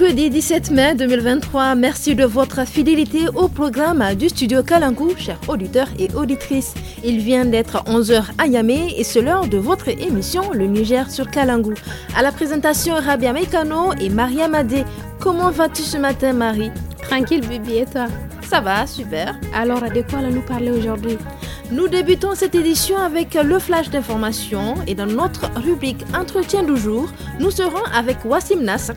Jeudi 17 mai 2023. Merci de votre fidélité au programme du studio Kalangu, chers auditeurs et auditrices. Il vient d'être 11h à Yamé et c'est l'heure de votre émission Le Niger sur Kalangu. À la présentation, Rabia Mekano et Maria Madé. Comment vas-tu ce matin, Marie Tranquille, bébé, et toi Ça va, super. Alors, de quoi allons-nous parler aujourd'hui nous débutons cette édition avec le flash d'information et dans notre rubrique Entretien du jour, nous serons avec Wassim Nass,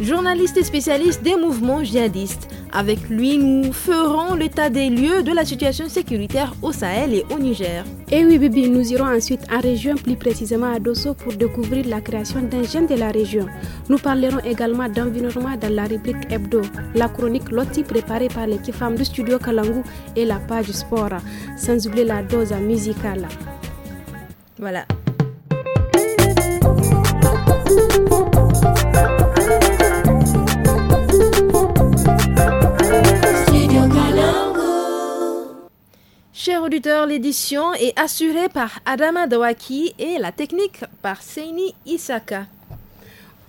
journaliste et spécialiste des mouvements djihadistes. Avec lui, nous ferons l'état des lieux de la situation sécuritaire au Sahel et au Niger. Et eh oui, Bibi, nous irons ensuite en région, plus précisément à Dosso, pour découvrir la création d'un jeune de la région. Nous parlerons également d'environnement dans la rubrique Hebdo, la chronique Lotti préparée par l'équipe femme du studio Kalangu et la page sport. Sans oublier la dose musicale. Voilà. Chers auditeurs, l'édition est assurée par Adama Dawaki et la technique par Seini Isaka.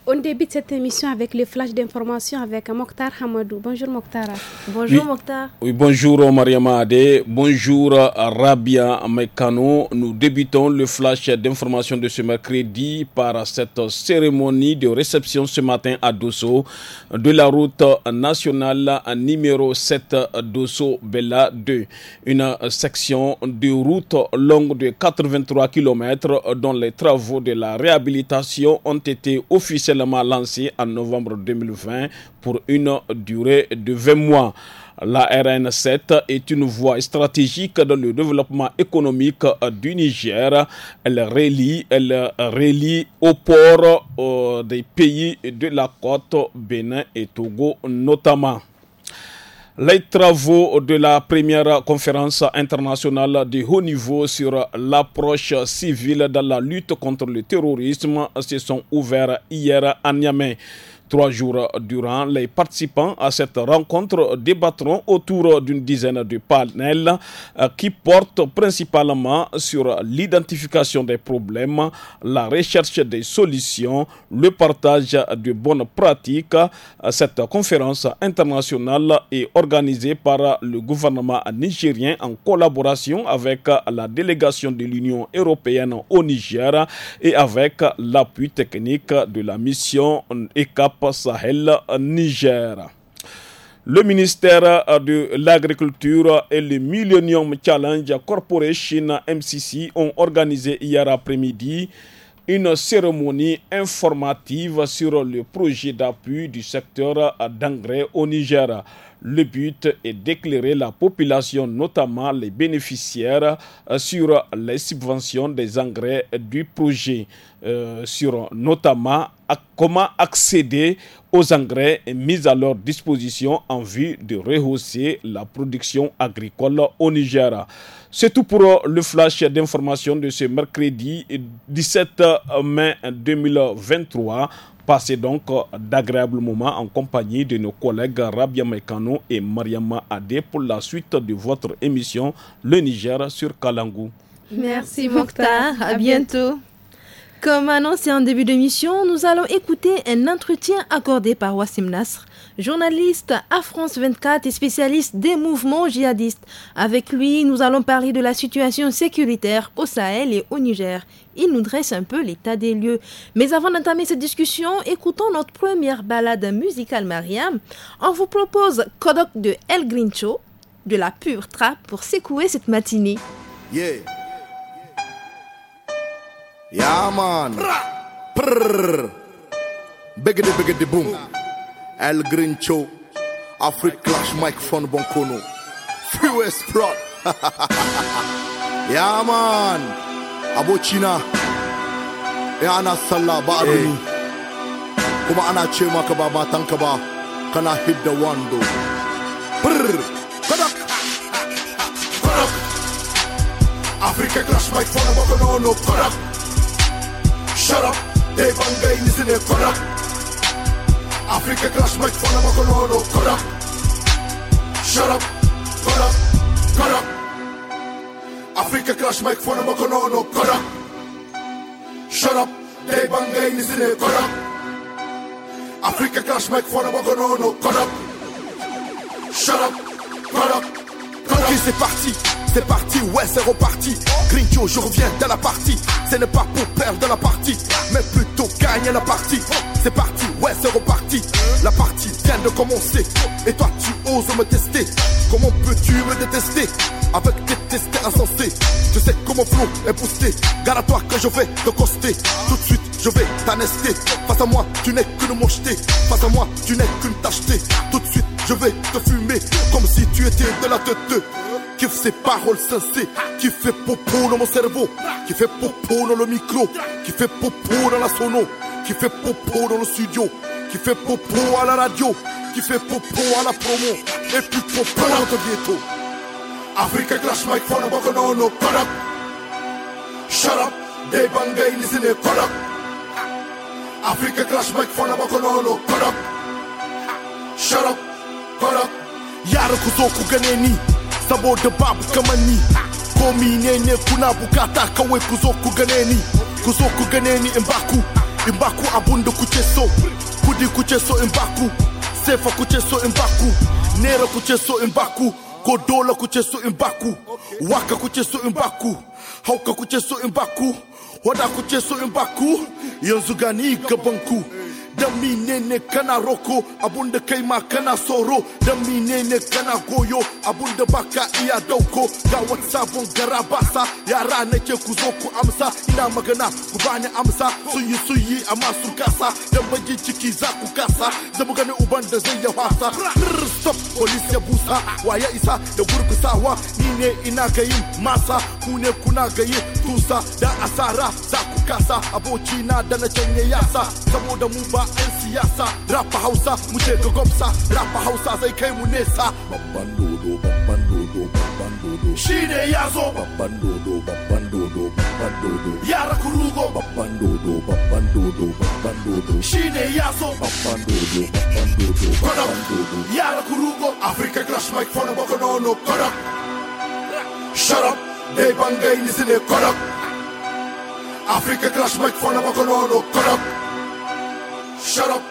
On débute cette émission avec le flash d'information avec Mokhtar Hamadou. Bonjour Mokhtar. Bonjour oui. Mokhtar. Oui, bonjour Maria Ade. Bonjour Rabia Mekano. Nous débutons le flash d'information de ce mercredi par cette cérémonie de réception ce matin à Dosso de la route nationale numéro 7 Dosso-Bella 2. Une section de route longue de 83 km dont les travaux de la réhabilitation ont été officiellement Lancé lancée en novembre 2020 pour une durée de 20 mois. La RN7 est une voie stratégique dans le développement économique du Niger. Elle relie, elle relie au port euh, des pays de la côte Bénin et Togo notamment. Les travaux de la première conférence internationale de haut niveau sur l'approche civile dans la lutte contre le terrorisme se sont ouverts hier à Niamey. Trois jours durant, les participants à cette rencontre débattront autour d'une dizaine de panels euh, qui portent principalement sur l'identification des problèmes, la recherche des solutions, le partage de bonnes pratiques. Cette conférence internationale est organisée par le gouvernement nigérien en collaboration avec la délégation de l'Union européenne au Niger et avec l'appui technique de la mission ECAP Niger. Le ministère euh, de l'Agriculture et le Millennium Challenge Corporation MCC ont organisé hier après-midi une cérémonie informative sur le projet d'appui du secteur euh, d'engrais au Niger. Le but est d'éclairer la population, notamment les bénéficiaires, euh, sur les subventions des engrais du projet. Euh, sur notamment comment accéder aux engrais mis à leur disposition en vue de rehausser la production agricole au Niger. C'est tout pour le flash d'information de ce mercredi 17 euh, euh, mai 2023. Passez donc d'agréables moments en compagnie de nos collègues Rabia Mekano et Mariama Adé pour la suite de votre émission Le Niger sur Kalangou. Merci Mokhtar, à bientôt. Comme annoncé en début d'émission, nous allons écouter un entretien accordé par Wassim Nasr, journaliste à France 24 et spécialiste des mouvements djihadistes. Avec lui, nous allons parler de la situation sécuritaire au Sahel et au Niger. Il nous dresse un peu l'état des lieux. Mais avant d'entamer cette discussion, écoutons notre première balade musicale Mariam. On vous propose Kodok de El Grincho, de la pure trappe pour secouer cette matinée. Yeah. Yeah, man. Prrr. Biggity biggity boom. El Grincho. Afrik Clash microphone bonkono. Freeway Sprout. yeah, man. Abochina. Ya ana sallah ba kuma ana ce maka ba matanka ba kana hidda wando. Prrr. Kadak. Kadak. Africa Clash microphone bonkono. Kadak. Shut up, They bang Gijn is in a corrupt Afrika clash mic for a Makono corrupt Shut up, corrupt, corrupt Africa clash mic for a Makono corrupt Shut up, They bang Gijn is in a corrupt Afrika clash mic for a Makono corrupt Shut up, corrupt c'est parti, c'est parti, ouais, c'est reparti. Grincho, je reviens dans la partie. Ce n'est pas pour perdre la partie, mais plutôt gagner la partie. C'est parti, ouais, c'est reparti. La partie vient de commencer. Et toi, tu oses me tester. Comment peux-tu me détester Avec tes tests insensés. Je sais comment flow est boosté. Garde à toi que je vais te coster. Tout de suite, je vais t'anester. Face à moi, tu n'es qu'une mocheté. Face à moi, tu n'es qu'une tacheté Tout de suite, je vais te fumer comme si tu étais de la tête de Kiffe ses paroles sensées, qui fait popo dans mon cerveau, qui fait popo dans le micro, qui fait popo dans la sono, qui fait popo dans le studio, qui fait popo à la radio, qui fait popo à la promo, et puis popo dans ton ghetto. Africa clash microphone, no no up Shut up, they bang les listen a up Africa clash microphone, no no up Shut up, up. yara ku zo ku gane ni saboda babu kamar ni ko ne kuna bukata kawai ku zo ku gane ni ku zo ku gane ni in ku in ku abun da kuke so kudi kuke so in ku sefa kuke so in ku nera kuke so in ku ko dola kuke so in ku waka kuke so in ku hauka kuke so in ku wada kuke so in ku yanzu gani gaban ku dan menene kana roko abunda kai ma kana soro dan menene kana goyo abunda baka iya dauko ga wata sabon gara basa yara nake ku zo ku amsa ina magana ku bani amsa suyi suyi sun yi amma sun kasa dan baji ciki za ku kasa zama gani uban da zai ya wasa stop police ya busa waya isa da gurgusawa ni ne ina ga yin masa ku ne kuna ga yin tusa da asara za ku kasa aboki na da na canye yasa saboda mu ba ba 'yan siyasa rapa hausa mu ce rapa hausa zai kai mu nesa babban dodo babban dodo babban dodo shi ne ya zo babban dodo babban dodo babban dodo yara kurugo babban dodo babban dodo babban dodo shi ne ya zo babban dodo babban dodo yara kurugo africa crash mic for the bokonono kodak shut up dai bangai ni sine kodak africa crash mic for the bokonono kodak shut up,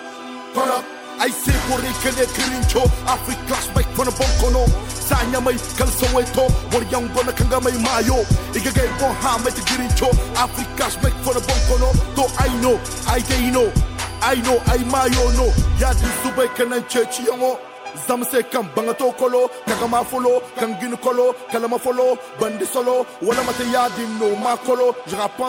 put up. I say korekele kirincho Africa spike from a bonkono Sanya mai kalsaweto Wariyang gona kanga mai mayo Igagay bon ha mai te kirincho Africa spike from a bonkono To I know, I they know I know, I mayo no Yadi subay kanan chechi yango zamse kam bangato kolo kagama folo kangin kolo kalama folo bandi solo wala mate ya je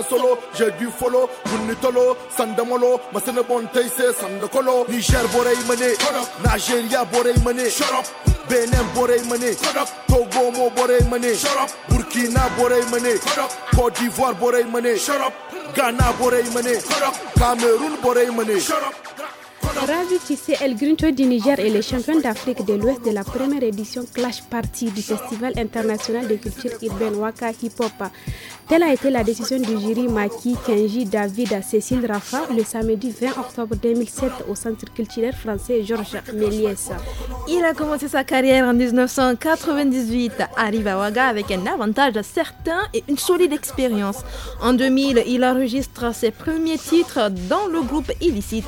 solo j'ai du folo bunitolo sandamolo masene bon teise sandakolo niger borey mene nigeria borey mene shut up benin borey mene togo mo borey mene shut up burkina borey mene cote d'ivoire borey mene shut up ghana borey mene cameroun borey mene shut up Ravi El Grinto du Niger et les champions d'Afrique de l'Ouest de la première édition Clash Party du Festival international de culture urbaine Waka Hip Hop. Telle a été la décision du jury Maki, Kenji, David, Cécile Rafa le samedi 20 octobre 2007 au Centre culturel français Georges Méliès. Il a commencé sa carrière en 1998, arrive à Ouaga avec un avantage certain et une solide expérience. En 2000, il enregistre ses premiers titres dans le groupe Illicite.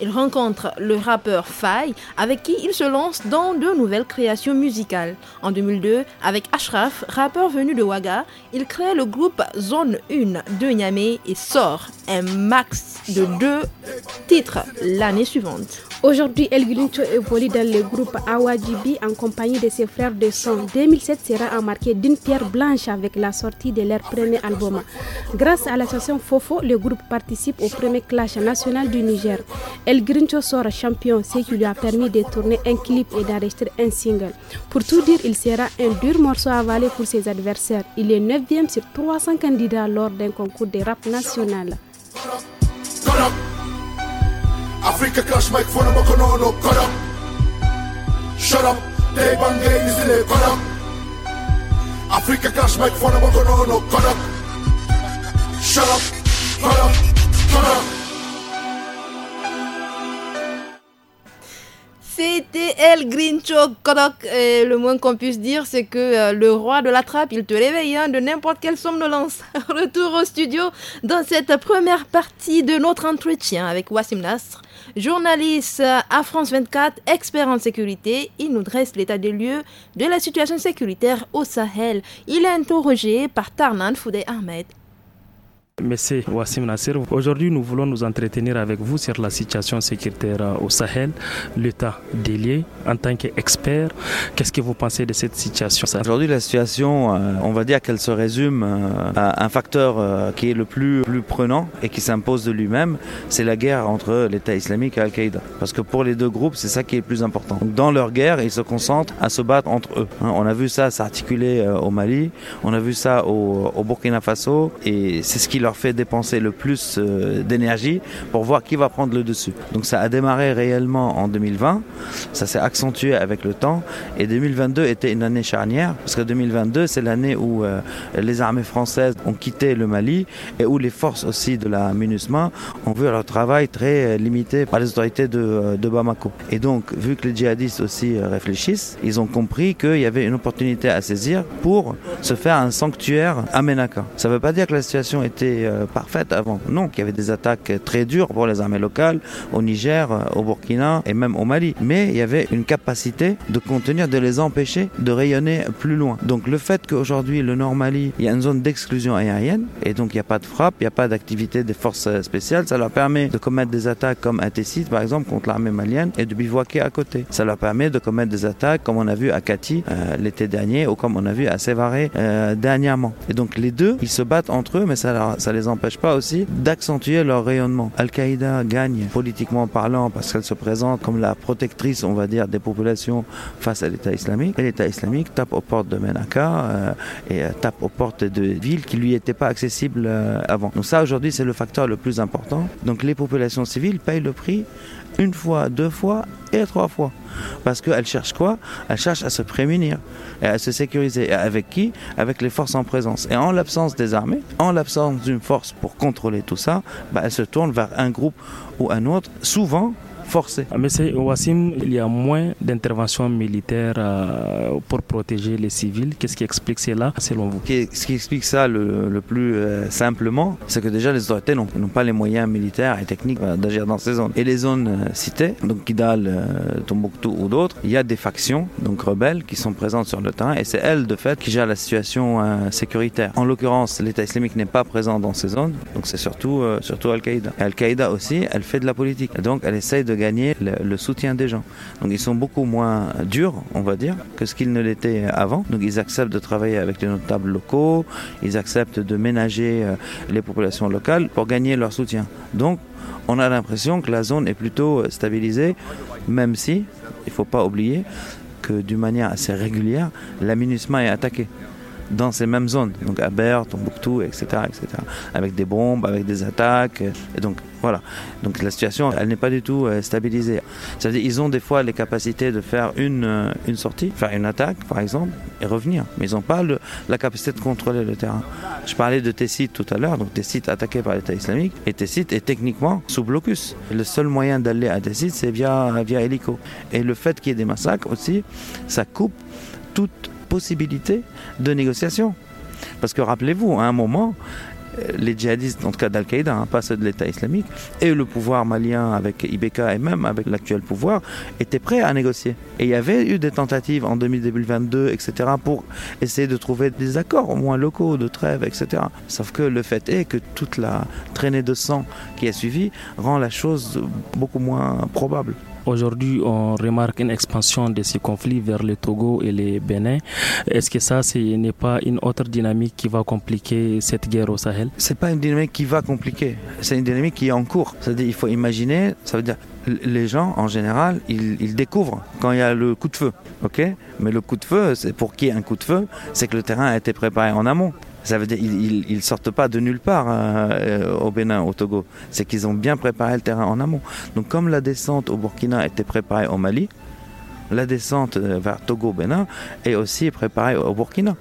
Il rencontre le rappeur Faye, avec qui il se lance dans de nouvelles créations musicales. En 2002, avec Ashraf, rappeur venu de Ouaga, il crée le groupe Zone 1 de Niamey et sort un max de deux titres l'année suivante. Aujourd'hui, El est évolue dans le groupe Awajibi en compagnie de ses frères de son. 2007 sera marqué d'une pierre blanche avec la sortie de leur premier album. Grâce à l'association FOFO, le groupe participe au premier clash national du Niger. El Grincho sera champion, ce qui lui a permis de tourner un clip et d'arrêter un single. Pour tout dire, il sera un dur morceau à avaler pour ses adversaires. Il est 9e sur 300 candidats lors d'un concours de rap national. Africa up Shut up, they bang Africa Shut cut up, up C'était El Grincho Kodok. Euh, le moins qu'on puisse dire, c'est que euh, le roi de la trappe, il te réveille hein, de n'importe quelle somnolence. Retour au studio dans cette première partie de notre entretien avec Wassim Nasr, journaliste à France 24, expert en sécurité. Il nous dresse l'état des lieux de la situation sécuritaire au Sahel. Il est interrogé par Tarnan Foudé Ahmed, Monsieur Wassim Nasser, aujourd'hui nous voulons nous entretenir avec vous sur la situation sécuritaire au Sahel, l'état délié. En tant qu'expert, qu'est-ce que vous pensez de cette situation Aujourd'hui la situation, euh, on va dire qu'elle se résume euh, à un facteur euh, qui est le plus, plus prenant et qui s'impose de lui-même, c'est la guerre entre l'État islamique et Al-Qaïda. Parce que pour les deux groupes, c'est ça qui est le plus important. Dans leur guerre, ils se concentrent à se battre entre eux. Hein. On a vu ça s'articuler au Mali, on a vu ça au, Burkina Faso et c'est ce qui leur fait dépenser le plus euh, d'énergie pour voir qui va prendre le dessus. Donc ça a démarré réellement en 2020, ça s'est accentué avec le temps et 2022 était une année charnière parce que 2022 c'est l'année où euh, les armées françaises ont quitté le Mali et où les forces aussi de la MINUSMA ont vu leur travail très euh, limité par les autorités de, de Bamako. Et donc vu que les djihadistes aussi réfléchissent, ils ont compris qu'il y avait une opportunité à saisir pour se faire un sanctuaire à Ménaka. Ça ne veut pas dire que la situation était euh, parfaite avant. Non, qu'il y avait des attaques très dures pour les armées locales au Niger, euh, au Burkina et même au Mali. Mais il y avait une capacité de contenir, de les empêcher de rayonner plus loin. Donc le fait qu'aujourd'hui le Nord Mali, il y a une zone d'exclusion aérienne et donc il n'y a pas de frappe, il n'y a pas d'activité des forces spéciales, ça leur permet de commettre des attaques comme à Tessit par exemple contre l'armée malienne et de bivouaquer à côté. Ça leur permet de commettre des attaques comme on a vu à Kati euh, l'été dernier ou comme on a vu à Sévaré dernièrement. Et donc les deux, ils se battent entre eux, mais ça leur, ça les empêche pas aussi d'accentuer leur rayonnement. Al-Qaïda gagne politiquement parlant parce qu'elle se présente comme la protectrice, on va dire, des populations face à l'État islamique. Et l'État islamique tape aux portes de Menaka euh, et euh, tape aux portes de villes qui lui étaient pas accessibles euh, avant. Donc ça, aujourd'hui, c'est le facteur le plus important. Donc les populations civiles payent le prix une fois, deux fois et trois fois. Parce qu'elle cherche quoi Elle cherche à se prémunir et à se sécuriser. avec qui Avec les forces en présence. Et en l'absence des armées, en l'absence d'une force pour contrôler tout ça, bah, elle se tourne vers un groupe ou un autre, souvent forcé ah, Mais c'est Wassim, il y a moins d'interventions militaires euh, pour protéger les civils. Qu'est-ce qui explique cela selon vous Ce qui explique ça le, plus euh, simplement, c'est que déjà les autorités n'ont pas les moyens militaires et techniques euh, d'agir dans ces zones. Et les zones citées, donc Kidal, Tombouctou ou d'autres, il y a des factions, donc rebelles, qui sont présentes sur le terrain et c'est elles de fait qui gèrent la situation sécuritaire. En l'occurrence, l'État islamique n'est pas présent dans ces zones, donc c'est surtout, surtout Al-Qaïda. Al-Qaïda aussi, elle fait de la politique. donc elle essaye de gagner le, soutien des gens. Donc ils sont beaucoup moins durs, on va dire, que ce qu'ils ne l'étaient avant. Donc ils acceptent de travailler avec les notables locaux, ils acceptent de ménager euh, les populations locales pour gagner leur soutien. Donc on a l'impression que la zone est plutôt euh, stabilisée, même si, il ne faut pas oublier, que d'une manière assez régulière, la MINUSMA est attaquée dans ces mêmes zones, donc à Tombouctou, etc., etc., avec des bombes, avec des attaques. Et donc voilà. Donc la situation, elle n'est pas du tout euh, stabilisée. Ça veut dire ils ont des fois les capacités de faire une, euh, une sortie, faire une attaque, par exemple, et revenir. Mais ils n'ont pas la capacité de contrôler le terrain. Je parlais de Tessit tout à l'heure, donc Tessit attaqué par l'État islamique, et Tessit est techniquement sous blocus. Le seul moyen d'aller à Tessit, c'est via, via hélico. Et le fait qu'il y ait des massacres aussi, ça coupe toute possibilité de négociation. Parce que rappelez-vous, à un moment, euh, les djihadistes, en tout cas d'Al-Qaïda, hein, pas ceux de l'État islamique, et le pouvoir malien avec Ibeka et même avec l'actuel pouvoir, étaient prêts à négocier. Et il y avait eu des tentatives en 2022, etc., pour essayer de trouver des accords, au moins locaux, de trêve, etc. Sauf que le fait est que toute la traînée de sang qui a suivi rend la chose beaucoup moins probable. Aujourd'hui, on remarque une expansion de ces conflits vers le Togo et le Bénin. Est-ce que ça, ce n'est pas une autre dynamique qui va compliquer cette guerre au Sahel C'est pas une dynamique qui va compliquer. C'est une dynamique qui est en cours. cest dire il faut imaginer. Ça veut dire les gens, en général, ils, découvrent quand il y a le coup de feu. ok Mais le coup de feu, c'est pour qui un coup de feu, c'est que le terrain a été préparé en amont. Ça veut dire qu'ils ne sortent pas de nulle part euh, au Bénin, au Togo. C'est qu'ils ont bien préparé le terrain en amont. Donc comme la descente au Burkina était préparée au Mali, la descente euh, vers Togo-Bénin est aussi préparée au Burkina.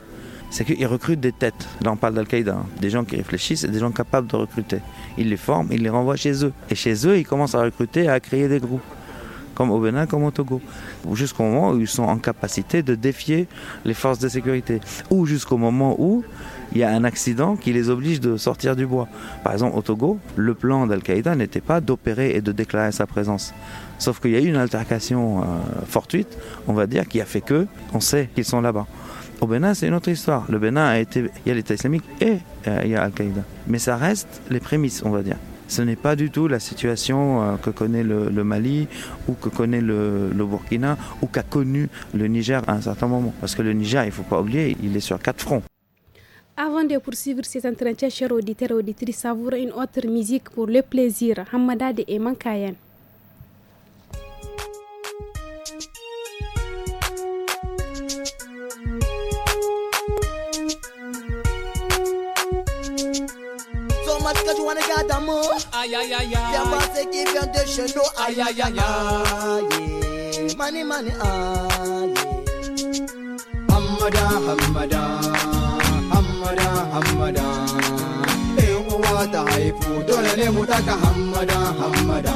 C'est qu'ils recrutent des têtes. Là, on parle d'Al-Qaïda. Hein. Des gens qui réfléchissent et des gens capables de recruter. Ils les forment, ils les renvoient chez eux. Et chez eux, ils commencent à recruter et à créer des groupes comme au Bénin, comme au Togo, jusqu'au moment où ils sont en capacité de défier les forces de sécurité, ou jusqu'au moment où il y a un accident qui les oblige de sortir du bois. Par exemple, au Togo, le plan d'Al-Qaïda n'était pas d'opérer et de déclarer sa présence. Sauf qu'il y a eu une altercation euh, fortuite, on va dire, qui a fait que on sait qu'ils sont là-bas. Au Bénin, c'est une autre histoire. Le Bénin a été, il y a l'État islamique et euh, il y a Al-Qaïda. Mais ça reste les prémices, on va dire. Ce n'est pas du tout la situation euh, que connaît le, Mali ou que connaît le, Burkina ou qu'a connu le Niger à un certain moment. Parce que le Niger, il faut pas oublier, il est sur quatre fronts. Avant de poursuivre cet entretien, chers auditeurs et auditrices, savourez une autre musique pour le plaisir. Hamada de Eman Kayen. que tu vois les gars d'amour. Aïe aïe aïe aïe. Y'a pas ce qui vient de chez nous. Aïe aïe aïe aïe. Mani mani aïe. Hamada, hamada. Hamada, Hamada. in uwa ta haifu dole ne mu taka hammada hammada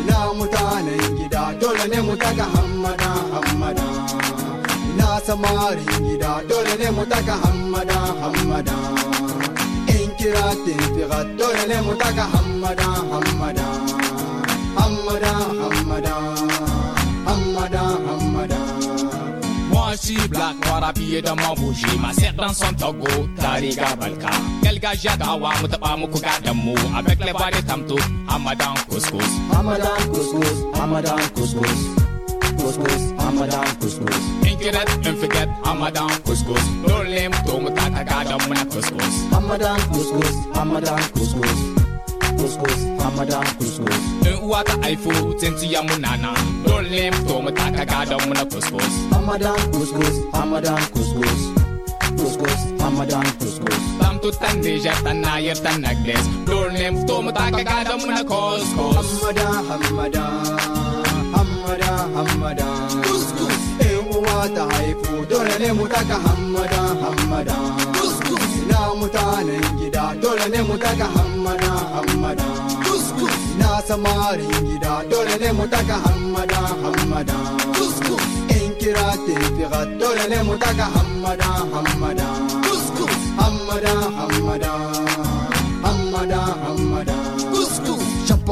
ina mutanen gida dole ne mu taka hammada hammada ina samarin gida dole ne mu taka hammada hammada in kira tinfira dole ne mu taka hammada hammada hammada hammada hammada hammada si black noir habillé dans mon bougie Ma sœur dans son togo, tariga balka Quelga jagawa mutaba muku gadamu Avec les voix de tamto, amadan couscous Amadan couscous, amadan couscous Couscous, amadan couscous Inkiret, infiket, amadan couscous Dolim, tomu tata gadamu na couscous Amadan couscous, amadan couscous couscous hamadan couscous in uwa ta haifo tsintsiya Don't dole to mu taka gadon mu na couscous Ramadan, couscous Ramadan, couscous couscous Ramadan, couscous tam to tan deja tan na yar tan na gles dole to mu taka gadon mu na couscous Ramadan, Ramadan. hamadan hamadan couscous in uwa ta haifo dole ne mu taka Ramadan. hamadan ina mutanen gida dole ne mu daga hammada hammada ina samarin gida dole ne mu daga hammada hammada in kira tefiga dole ne mu daga hammada hammada hammada hammada hammada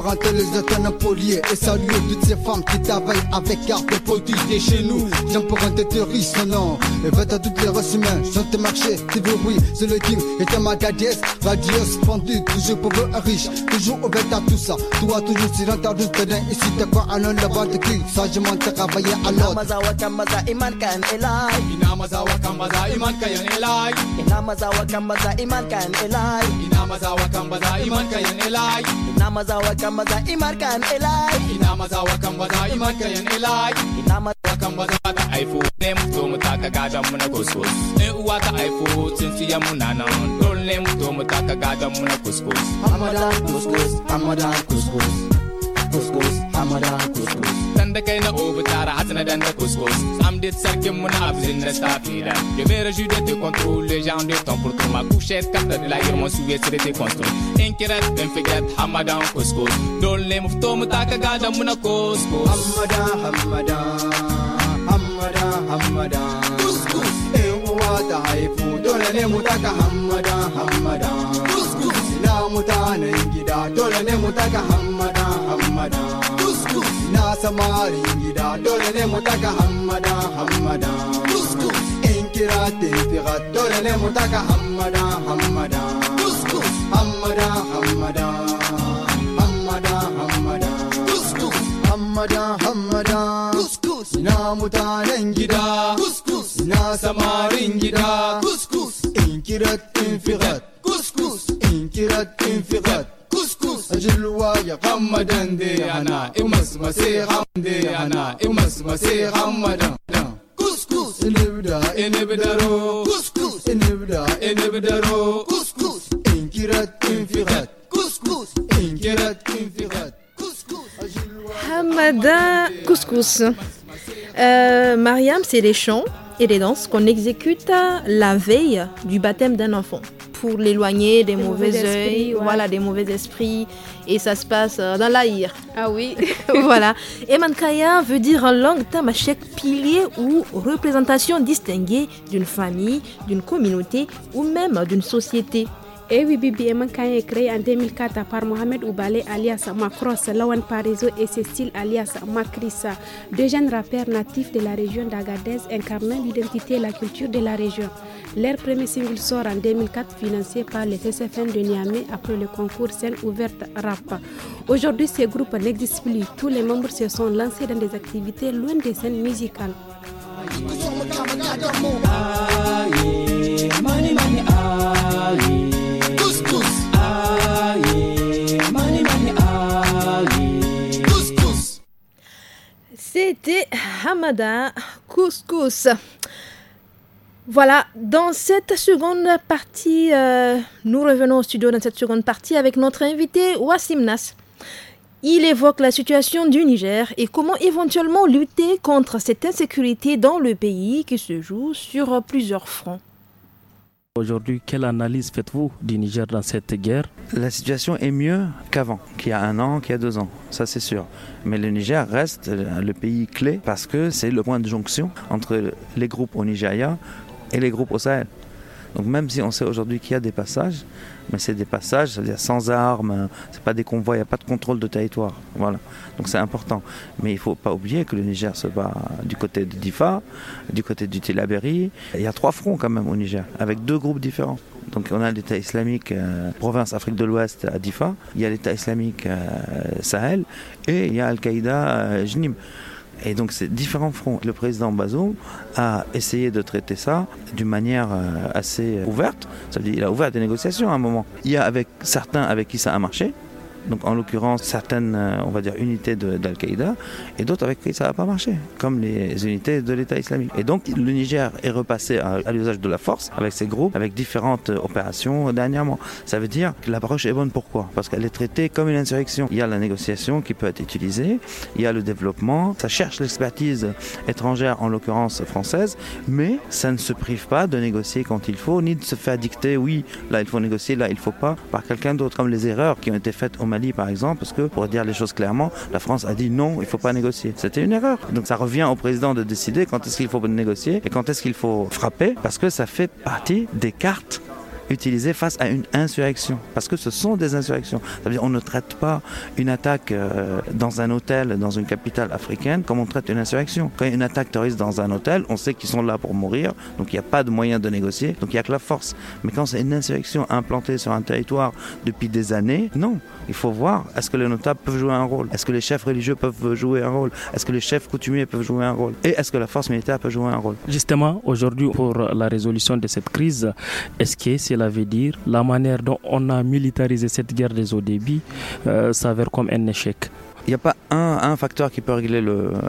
parenté les Atanapoliers Et saluer toutes ces femmes qui travaillent avec art de politique chez nous Tiens pour un terroriste, non Et va à toutes les races humaines Sans te marcher, tu veux oui, c'est le king Et ta magadies, radios, pendu Toujours pauvre et riche, toujours ouvert à tout ça Toi toujours sur un tas de terrain Ici t'as quoi à l'un là-bas de qui Sagement travailler à l'autre Inamazawa kambaza iman kan elai Inamazawa kambaza iman kan elai Inamazawa kambaza iman kan elai Inamazawa kambaza iman kan elai Ina maza imarkan ilai ina maza wakan maza imarkan ilai ina maza wakan maza ta haifu ne mutu mu taka gadan mu na kuskus ne uwa ta haifu tsintsiyan mu na nan dole mutu mu taka gadan mu na kuskus amadan kuskus amadan kuskus couscous hamada couscous dan da na obu tara hasna dan da Am dit sarki mona abzin na je vais réjouis de contrôle les gens de temps pour tout ma couchette carte de la guerre mon souhait serait de construire inkirat ben figat hamadan couscous. dole mufto mutaka gada mona couscous. hamada hamada hamada hamada couscous. uwa ta haifu dole ne hamada hamada couscous. na mutanen gida dole ne mu taka hamada hamada hamada na samari gida dole ne mu hamada hamada in kira tefira dole ne mu taka hamada hamada hamada hamada hamada hamada hamada hamada na mutanen gida na samarin gida in kira tefira in kira Kuskus. ajilwa ya ramadan de ana imas masih hamde ana imas masih ramadan couscous inibda inibdaro couscous inibda inibdaro couscous inkirat infirat couscous inkirat infirat couscous Hamada couscous euh, Mariam, c'est les chants et les danses qu'on exécute la veille du baptême d'un enfant pour l'éloigner des, mauvais, yeux, voilà, des mauvais esprits. Et ça se passe euh, dans l'air. Ah oui. voilà. Emankaya veut dire en langue tamashek pilier ou représentation distinguée d'une famille, d'une communauté ou même d'une société. AVBBM Khan est créé en 2004 par Mohamed Oubale alias Macross, Lawan Parizo et Cécile alias Macrissa, deux jeunes rappeurs natifs de la région d'Agadez incarnant l'identité et la culture de la région. Leur premier single sort en 2004 financé par le TCFN de Niamey après le concours scène ouverte rap. Aujourd'hui, ce groupe n'existe plus. Tous les membres se sont lancés dans des activités loin des scènes musicales. C'était Hamada Couscous. Voilà, dans cette seconde partie, euh, nous revenons au studio dans cette seconde partie avec notre invité Wassim Nas. Il évoque la situation du Niger et comment éventuellement lutter contre cette insécurité dans le pays qui se joue sur plusieurs fronts. Aujourd'hui, quelle analyse faites-vous du Niger dans cette guerre La situation est mieux qu'avant, qu'il y a un an, qu'il y a deux ans, ça c'est sûr. Mais le Niger reste le pays clé parce que c'est le point de jonction entre les groupes au Nigeria et les groupes au Sahel. Donc même si on sait aujourd'hui qu'il y a des passages, mais c'est des passages, c'est-à-dire sans armes, euh, c'est pas des convois, il n'y a pas de contrôle de territoire. Voilà. Donc c'est important. Mais il ne faut pas oublier que le Niger se bat du côté de Difa, du côté du Tilaberi. Il y a trois fronts quand même au Niger, avec deux groupes différents. Donc on a l'État islamique euh, province Afrique de l'Ouest à Difa, il y a l'État islamique euh, Sahel et il y a Al-Qaïda euh, Jnim. Et donc c'est différents fronts. Le président Bazoum a essayé de traiter ça d'une manière euh, assez ouverte. Ça veut dire qu'il a ouvert des négociations à un moment. Il y a avec certains avec qui ça a marché, donc en l'occurrence certaines, euh, on va dire, unités d'Al-Qaïda et d'autres avec qui ça va pas marcher, comme les unités de l'État islamique. Et donc le Niger est repassé à, l'usage de la force avec ses groupes, avec différentes euh, opérations euh, dernièrement. Ça veut dire que l'approche est bonne. Pourquoi Parce qu'elle est traitée comme une insurrection. Il y a la négociation qui peut être utilisée, il y a le développement, ça cherche l'expertise étrangère, en l'occurrence française, mais ça ne se prive pas de négocier quand il faut, ni de se faire dicter, oui, là il faut négocier, là il faut pas, par quelqu'un d'autre, comme les erreurs qui ont été faites au par exemple, parce que, pour dire les choses clairement, la France a dit non, il ne faut pas négocier. C'était une erreur. Donc ça revient au président de décider quand est-ce qu'il faut négocier et quand est-ce qu'il faut frapper, parce que ça fait partie des cartes utilisé face à une insurrection. Parce que ce sont des insurrections. Ça veut dire on ne traite pas une attaque euh, dans un hôtel, dans une capitale africaine, comme on traite une insurrection. Quand il y a une attaque terroriste dans un hôtel, on sait qu'ils sont là pour mourir, donc il n'y a pas de moyen de négocier, donc il n'y a que la force. Mais quand c'est une insurrection implantée sur un territoire depuis des années, non. Il faut voir, est-ce que les notables peuvent jouer un rôle Est-ce que les chefs religieux peuvent jouer un rôle Est-ce que les chefs coutumiers peuvent jouer un rôle Et est-ce que la force militaire peut jouer un rôle Justement, aujourd'hui, pour la résolution de cette crise, est-ce que a cela veut dire la manière dont on a militarisé cette guerre des eaux euh, s'avère comme un échec. Il n'y a pas un, un, facteur qui peut régler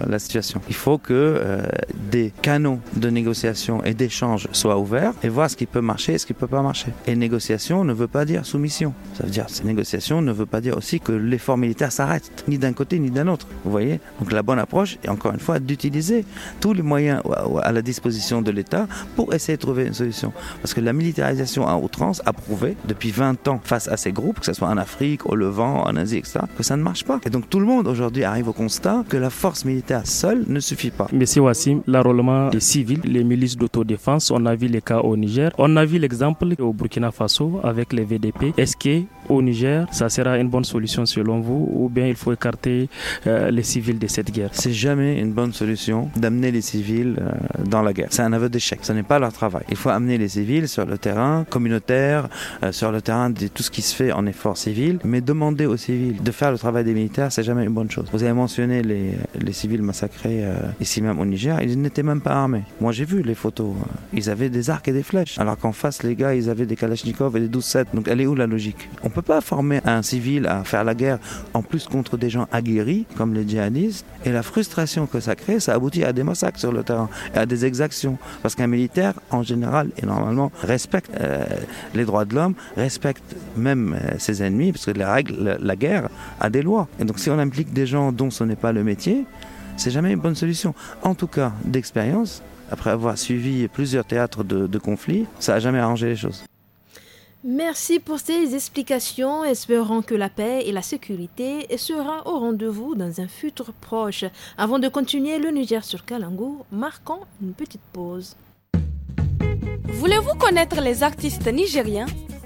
la situation. Il faut que euh, des canaux de négociation et d'échange soient ouverts et voir ce qui peut marcher et ce qui ne peut pas marcher. Et négociation ne veut pas dire soumission. Ça veut dire, négociation ne veut pas dire aussi que l'effort militaire s'arrête, ni d'un côté ni d'un autre. Vous voyez Donc la bonne approche est encore une fois d'utiliser tous les moyens à la disposition de l'État pour essayer de trouver une solution. Parce que la militarisation à outrance a prouvé depuis 20 ans face à ces groupes, que ce soit en Afrique, au Levant, en Asie, etc., que ça ne marche pas. Et donc tout le monde aujourd'hui arrive au constat que la force militaire seule ne suffit pas. Monsieur Wassim, l'arrôlement des civils, les milices d'autodéfense, on a vu les cas au Niger, on a vu l'exemple au Burkina Faso avec les VDP. Est-ce que au Niger, ça sera une bonne solution selon vous ou bien il faut écarter euh, les civils de cette guerre C'est jamais une bonne solution d'amener les civils euh, dans la guerre. C'est un aveu d'échec. Ce n'est pas leur travail. Il faut amener les civils sur le terrain communautaire, euh, sur le terrain de tout ce qui se fait en effort civil, mais demander aux civils de faire le travail des militaires, c'est jamais une bonne chose. Vous avez mentionné les, les civils massacrés euh, ici même au Niger, ils n'étaient même pas armés. Moi j'ai vu les photos, ils avaient des arcs et des flèches, alors qu'en face les gars ils avaient des Kalachnikov et des 12-7. Donc elle est où la logique On peut pas former un civil à faire la guerre en plus contre des gens aguerris comme les djihadistes et la frustration que ça crée, ça aboutit à des massacres sur le terrain et à des exactions. Parce qu'un militaire en général et normalement respecte euh, les droits de l'homme, respecte même euh, ses ennemis parce que la règle, la guerre a des lois. Et donc si on a implique des gens dont ce n'est pas le métier, c'est jamais une bonne solution. En tout cas, d'expérience, après avoir suivi plusieurs théâtres de, de conflits, ça n'a jamais arrangé les choses. Merci pour ces explications. Espérons que la paix et la sécurité sera au rendez-vous dans un futur proche. Avant de continuer le Niger sur Kalango, marquons une petite pause. Voulez-vous connaître les artistes nigériens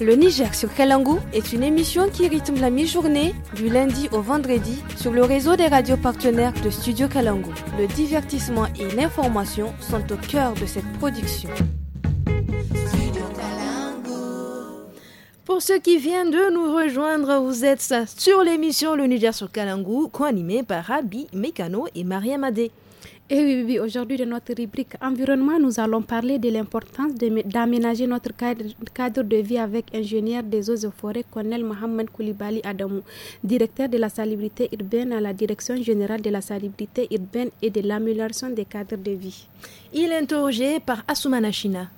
le Niger sur Kalangu est une émission qui rythme la mi-journée du lundi au vendredi sur le réseau des radios partenaires de Studio Kalangu. Le divertissement et l'information sont au cœur de cette production. Pour ceux qui viennent de nous rejoindre, vous êtes sur l'émission Le Niger sur Kalangou, co-animée par Rabi Mekano et Maria Madé. Et eh oui, aujourd'hui, de notre rubrique environnement, nous allons parler de l'importance d'aménager notre cadre, de vie avec ingénieur des eaux et forêts, Colonel Mohamed Koulibaly Adamou, directeur de la salubrité urbaine à la Direction générale de la salubrité urbaine et de l'amélioration des cadres de vie. Il est interrogé par Assoumana China.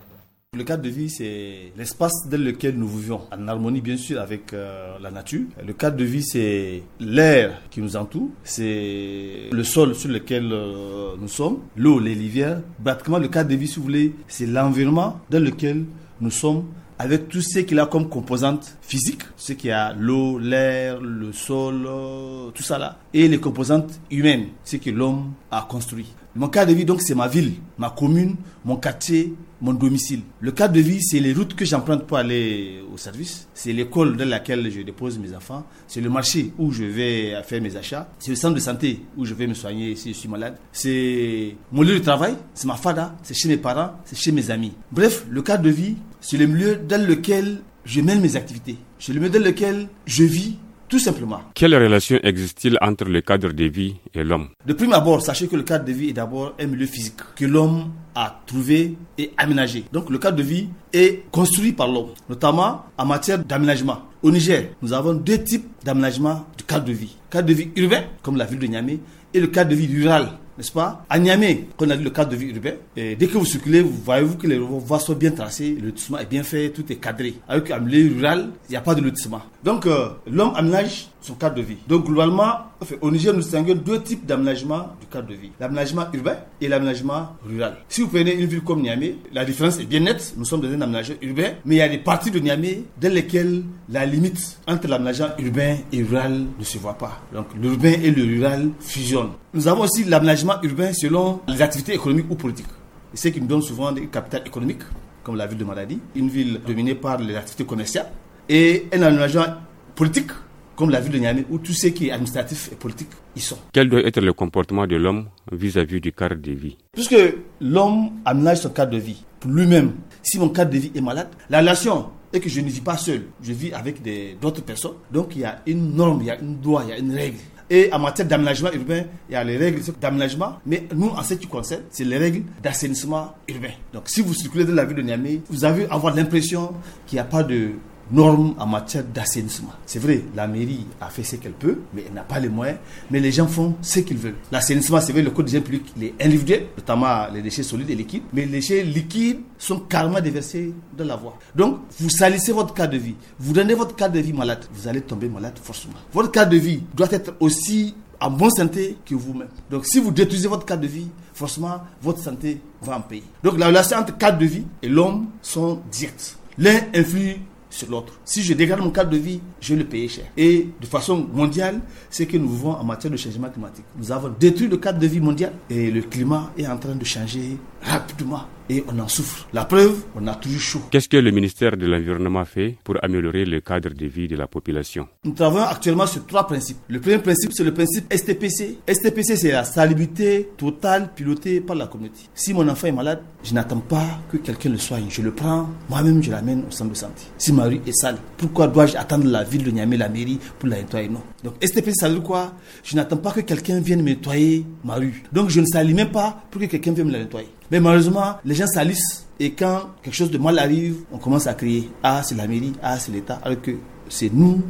Le cadre de vie, c'est l'espace dans lequel nous vivons, en harmonie bien sûr avec euh, la nature. Le cadre de vie, c'est l'air qui nous entoure, c'est le sol sur lequel euh, nous sommes, l'eau, les rivières. Pratiquement, le cadre de vie, si vous voulez, c'est l'environnement dans lequel nous sommes avec tout ce qu'il a comme composante physique, ce qu'il y a l'eau, l'air, le sol, euh, tout ça là, et les composantes humaines, ce que l'homme a construit. Mon cadre de vie, donc, c'est ma ville, ma commune, mon quartier, mon domicile. Le cadre de vie, c'est les routes que j'emprunte pour aller au service. C'est l'école dans laquelle je dépose mes enfants. C'est le marché où je vais faire mes achats. C'est le centre de santé où je vais me soigner si je suis malade. C'est mon lieu de travail. C'est ma fada. C'est chez mes parents. C'est chez mes amis. Bref, le cadre de vie, c'est le milieu dans lequel je mène mes activités. C'est le milieu dans lequel je vis tout simplement. Quelle relation existe-t-il entre le cadre de vie et l'homme De prime abord, sachez que le cadre de vie est d'abord un milieu physique que l'homme a trouvé et aménagé. Donc le cadre de vie est construit par l'homme, notamment en matière d'aménagement. Au Niger, nous avons deux types d'aménagement du cadre de vie. cadre de vie urbain, comme la ville de Niamey, et le cadre de vie rural, n'est-ce pas, à Niamey, on a le cadre de vie urbain, dès que vous circulez, vous voyez-vous que les voies sont bien tracées, le lotissement est bien fait, tout est cadré. Avec un milieu rural, il n'y a pas de lotissement. Donc, euh, l'homme aménage son cadre de vie. Donc, globalement, au Niger, nous distinguons deux types d'aménagement du cadre de vie. L'aménagement urbain et l'aménagement rural. Si vous prenez une ville comme Niamey, la différence est bien nette. Nous sommes dans un aménagement urbain, mais il y a des parties de Niamey dans lesquelles la limite entre l'aménagement urbain et rural ne se voit pas. Donc, l'urbain et le rural fusionnent. Nous avons aussi l'aménagement urbain selon les activités économiques ou politiques. C'est ce qui nous donne souvent des capitales économiques, comme la ville de Maradi, une ville dominée par les activités commerciales et un aménagement politique, comme la ville de Niamey, où tout ce qui est administratif et politique y sont. Quel doit être le comportement de l'homme vis-à-vis du cadre de vie Puisque l'homme aménage son cadre de vie pour lui-même. Si mon cadre de vie est malade, la relation est que je ne vis pas seul, je vis avec d'autres personnes. Donc il y a une norme, il y a une loi, il y a une règle. Et en matière d'aménagement urbain, il y a les règles d'aménagement. Mais nous, en ce qui concerne, c'est les règles d'assainissement urbain. Donc, si vous circulez dans la ville de Niamey, vous avez avoir l'impression qu'il n'y a pas de normes en matière d'assainissement. C'est vrai, la mairie a fait ce qu'elle peut, mais elle n'a pas les moyens. Mais les gens font ce qu'ils veulent. L'assainissement, c'est vrai, le code des plus les est individuel, notamment les déchets solides et liquides. Mais les déchets liquides sont carrément déversés dans la voie. Donc, vous salissez votre cadre de vie. Vous donnez votre cadre de vie malade. Vous allez tomber malade forcément. Votre cadre de vie doit être aussi en bonne santé que vous-même. Donc, si vous détruisez votre cadre de vie, forcément, votre santé va en payer. Donc, la relation entre cadre de vie et l'homme sont directes. L'un influe l'autre. Si je dégrade mon cadre de vie, je le paye cher. Et de façon mondiale, ce que nous voulons en matière de changement climatique, nous avons détruit le cadre de vie mondial et le climat est en train de changer rapidement et on en souffre. La preuve, on a toujours chaud. Qu'est-ce que le ministère de l'Environnement fait pour améliorer le cadre de vie de la population Nous travaillons actuellement sur trois principes. Le premier principe, c'est le principe STPC. STPC, c'est la salubrité totale pilotée par la communauté. Si mon enfant est malade, je n'attends pas que quelqu'un le soigne. Je le prends, moi-même, je l'amène au centre de santé. Si ma rue est sale, pourquoi dois-je attendre la ville de Niamey, la mairie, pour la nettoyer Non. Donc STP, ça veut quoi Je n'attends pas que quelqu'un vienne nettoyer ma rue. Donc je ne salis même pas pour que quelqu'un vienne me la nettoyer. Mais malheureusement, les gens salissent et quand quelque chose de mal arrive, on commence à crier Ah, c'est la mairie, ah, c'est l'État, alors que c'est nous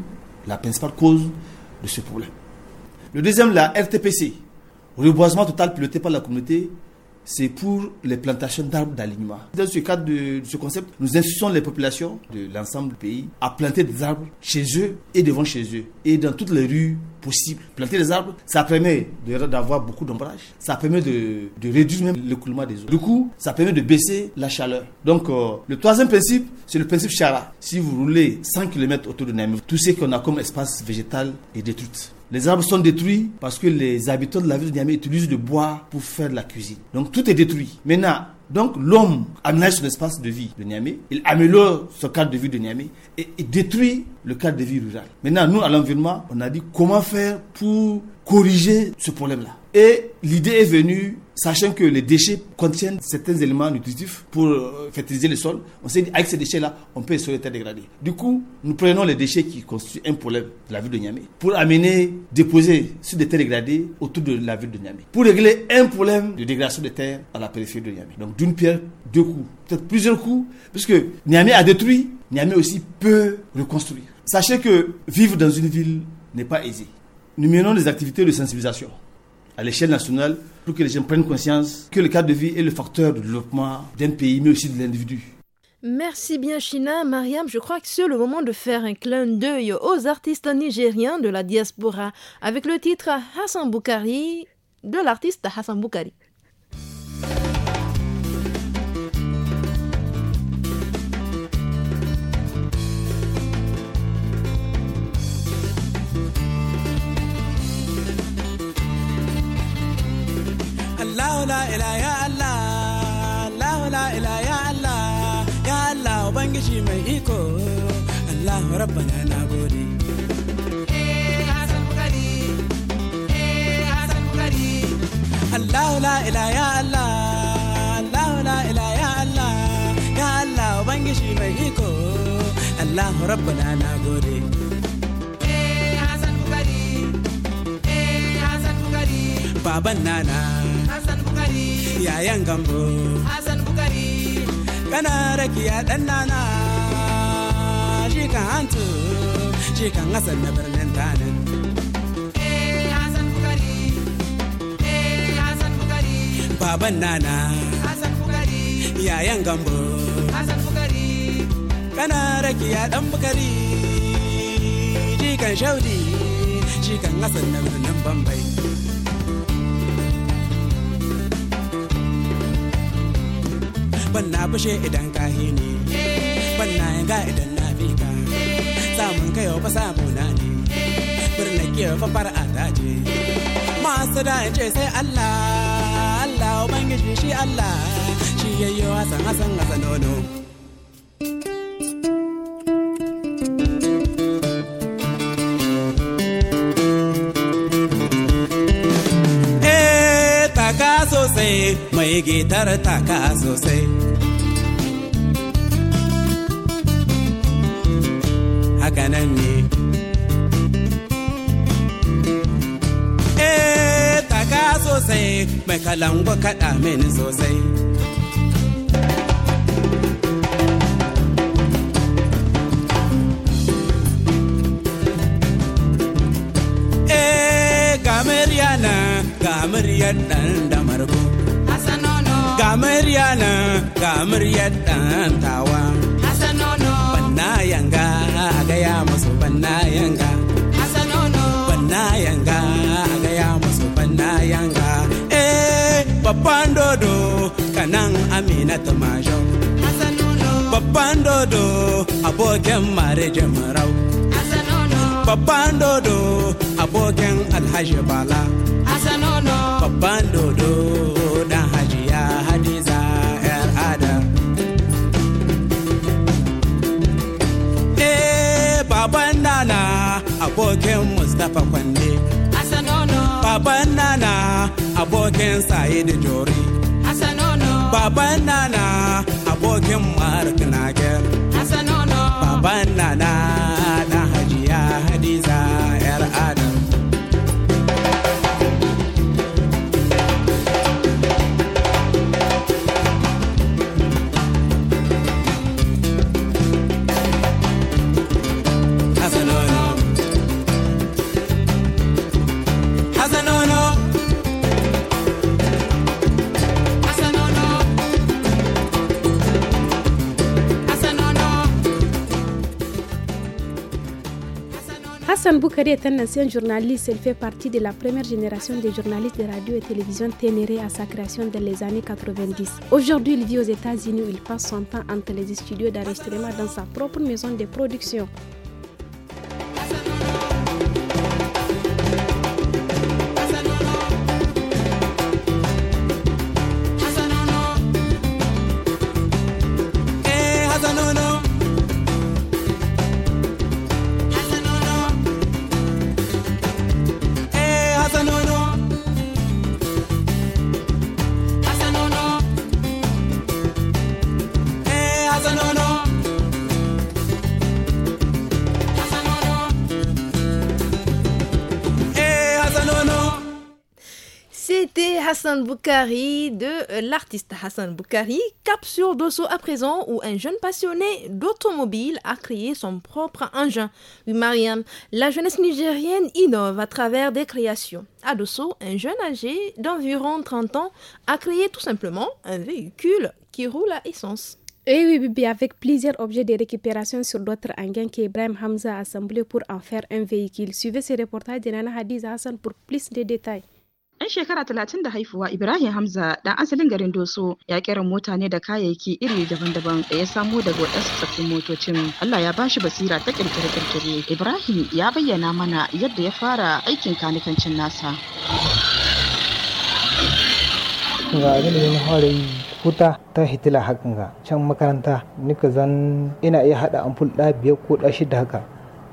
la principale cause de ce problème. Le deuxième, la RTPC, reboisement total piloté par la communauté c'est pour les plantations d'arbres d'alignement. Dans ce cadre de, ce concept, nous insistons les populations de l'ensemble du pays à planter des arbres chez eux et devant chez eux et dans toutes les rues possibles. Planter des arbres, ça permet d'avoir beaucoup d'ombrage, ça permet de, réduire même l'écoulement des eaux. Du coup, ça permet de baisser la chaleur. Donc, euh, le troisième principe, c'est le principe Chara. Si vous roulez 100 km autour de Namibie, tout ce qu'on a comme espace végétal est détruit. Les arbres sont détruits parce que les habitants de la ville de Niamey utilisent le bois pour faire la cuisine. Donc tout est détruit. Maintenant, donc l'homme aménage son espace de vie de Niamey, il améliore son cadre de vie de Niamey et, il détruit le cadre de vie rural. Maintenant, nous, à l'environnement, on a dit comment faire pour corriger ce problème-là. Et l'idée est venue sachant que les déchets contiennent certains éléments nutritifs pour euh, fertiliser le sol, on sait dit avec ces déchets-là, on peut surter les terres Du coup, nous prenons les déchets qui constituent un problème de la ville de Niamey pour amener, déposer sur des terres dégradées autour de la ville de Niamey, pour régler un problème de dégradation des terres à la périphérie de Niamey. Donc d'une pierre, deux coups, peut-être plusieurs coups, puisque Niamey a détruit, Niamey aussi peut reconstruire. Sachez que vivre dans une ville n'est pas aisé. Nous menons des activités de sensibilisation à l'échelle nationale pour que les gens prennent conscience que le cadre de vie est le facteur de développement d'un pays, mais aussi de l'individu. Merci bien China. Mariam, je crois que c'est le moment de faire un clin d'œil aux artistes nigériens de la diaspora avec le titre Hassan Boukari de l'artiste Hassan Boukari. Allah la ilaha ya Allah Allah la ilaha ya Allah ya Allah ubangiji mai iko Allah rabbana na gode Eh Eh Allah la ilaha ya Allah Allah la ilaha ya Allah ya Allah ubangiji mai iko Allah rabbana na gode Eh Eh Baban nana yayan gambo Hassan Bukari kana rakiya dan nana shi kan hantu shi kan Hassan na birnin tanin eh Hassan Bukari eh Hassan Bukari baban nana Hassan Bukari yayan gambo Hassan Bukari kana ya dan Bukari shi kan Shaudi shi kan Hassan na birnin Bambai ban na bushe idan ka ne ban na ga idan na fi ka samun kai fa samu na ne birnin ke fa far'a a je masu da ce sai Allah Allah ubangiji shi Allah shi yayyo hasan hasan hasan nono gitar taka sosai haka nan ne eh taka sosai mai kalango kaɗa mini sosai eh, ga murya nan ga muryar ɗan da margo Gamariana, Gamariatan Tawa. Hasanono. Banayanga, Agaya no Banayanga. Hasanono. Banayanga, Agaya Masu Banayanga. Eh, Papandodo, Kanang Amina Tomajo. Hasanono. Papandodo, Abokem Mare Jamarau. Hasanono. Papandodo, Abokem Alhaji no, Hasanono. Papandodo. abokin mustapha kwande baban nana abokin sa'id jori baban nana abokin mark nagel Sam Boukari est un ancien journaliste. Il fait partie de la première génération de journalistes de radio et télévision ténérés à sa création dans les années 90. Aujourd'hui, il vit aux États-Unis où il passe son temps entre les studios d'enregistrement dans sa propre maison de production. Hassan Boukari de euh, l'artiste Hassan Boukari. Capture d'Osso à présent où un jeune passionné d'automobile a créé son propre engin. Oui, Mariam, la jeunesse nigérienne innove à travers des créations. À Dosso, un jeune âgé d'environ 30 ans a créé tout simplement un véhicule qui roule à essence. Et eh oui, bébé, avec plusieurs objets de récupération sur d'autres engins qu'Ibrahim Hamza a assemblés pour en faire un véhicule. Suivez ce reportage de Nana Hadiza Hassan pour plus de détails. Ɗan shekara talatin da haifuwa Ibrahim Hamza ɗan asalin garin Doso ya kera mota ne da kayayyaki iri daban-daban da ya samo daga waɗansu tsaffin motocin. Allah ya bashi basira ta kirkire-kirkire. Ibrahim ya bayyana mana yadda ya fara aikin kanikancin nasa. Ga abin da na fara yi wuta ta hitila hakan ga can makaranta nika zan ina iya haɗa amful ɗa biyar ko ɗaya shida haka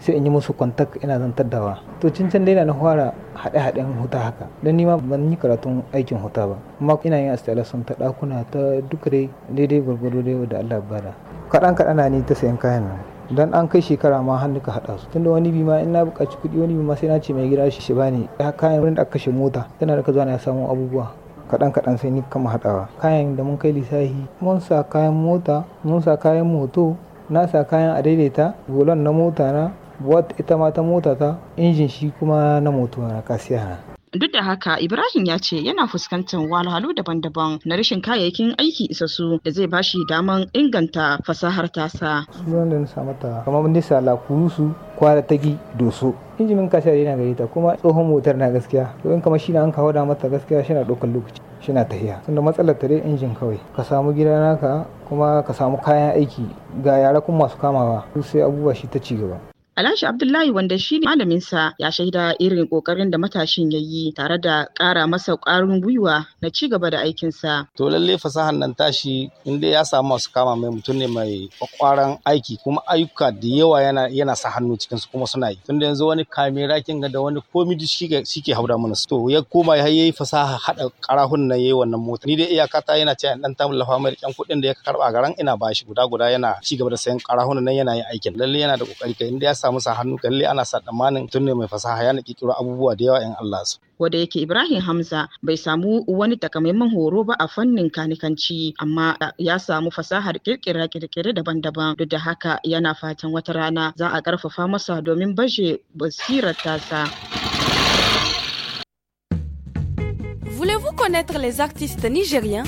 sai in yi musu kwantak ina zantar dawa to cincin dai na fara haɗe-haɗen huta haka don nima ban yi karatun aikin huta ba amma ina yin sun ta ɗakuna ta duk dai daidai gwargwado dai da Allah bada kaɗan kaɗan na ni ta sayan kayan nan dan an kai shekara ma hannu ka haɗa su tunda wani bima ma in na buƙaci kuɗi wani bi ma sai na ce mai gida shi ne ya kayan wurin da aka kashe mota tana da ka zuwa na samu abubuwa kaɗan kaɗan sai ni kama haɗawa kayan da mun kai lissahi mun sa kayan mota mun sa kayan moto na sa kayan a daidaita golon na mota na wat ita ma ta mota ta injin shi kuma na motuwa na kasiyana duk da haka ibrahim ya ce yana fuskantar wahalhalu daban-daban na rashin kayayyakin aiki isassu da zai ba shi daman inganta fasahar tasa sunan da nisa mata kamar nisa lakurusu kwara tagi doso injimin kasiyar yana gari ta kuma tsohon motar na gaskiya don kama kamar shi na an kawo da mata gaskiya shi na ɗaukar lokaci shi na tahiya tunda matsalar ta dai injin kawai ka samu gida naka kuma ka samu kayan aiki ga yara kuma masu kamawa sai abubuwa shi ta ci gaba Alhaji Abdullahi wanda shi ne malaminsa ya shaida irin kokarin da matashin ya yi tare da ƙara masa ƙarin gwiwa na ci gaba da aikinsa. To lalle fasahar nan tashi inda ya samu masu kama mai mutum ne mai kwakwaran aiki kuma ayyuka da yawa yana yana sa hannu cikin su kuma suna yi. Tunda yanzu wani kamera kin ga da wani komi da shi ke haura mana su. To ya koma ya yi fasaha haɗa karahun na yayi wannan mota. Ni dai iyaka ta yana cewa dan tamu lafa mai kyan kuɗin da ya karɓa garan ina bashi guda guda yana ci gaba da sayan karahunan nan yana yin aikin. Lalle yana da kokari kai inda ya sa sa hannu lalle ana sa tsammanin tun ne mai fasaha ya yana kiro abubuwa da yawa in Allah su. Wada yake Ibrahim Hamza bai samu wani takamaiman horo ba a fannin kanikanci amma ya samu fasahar kirkira-kirkire daban-daban duk da haka yana fatan wata rana za a karfafa masa domin baje basirar tasa. Voulez-vous connaître les artistes nigériens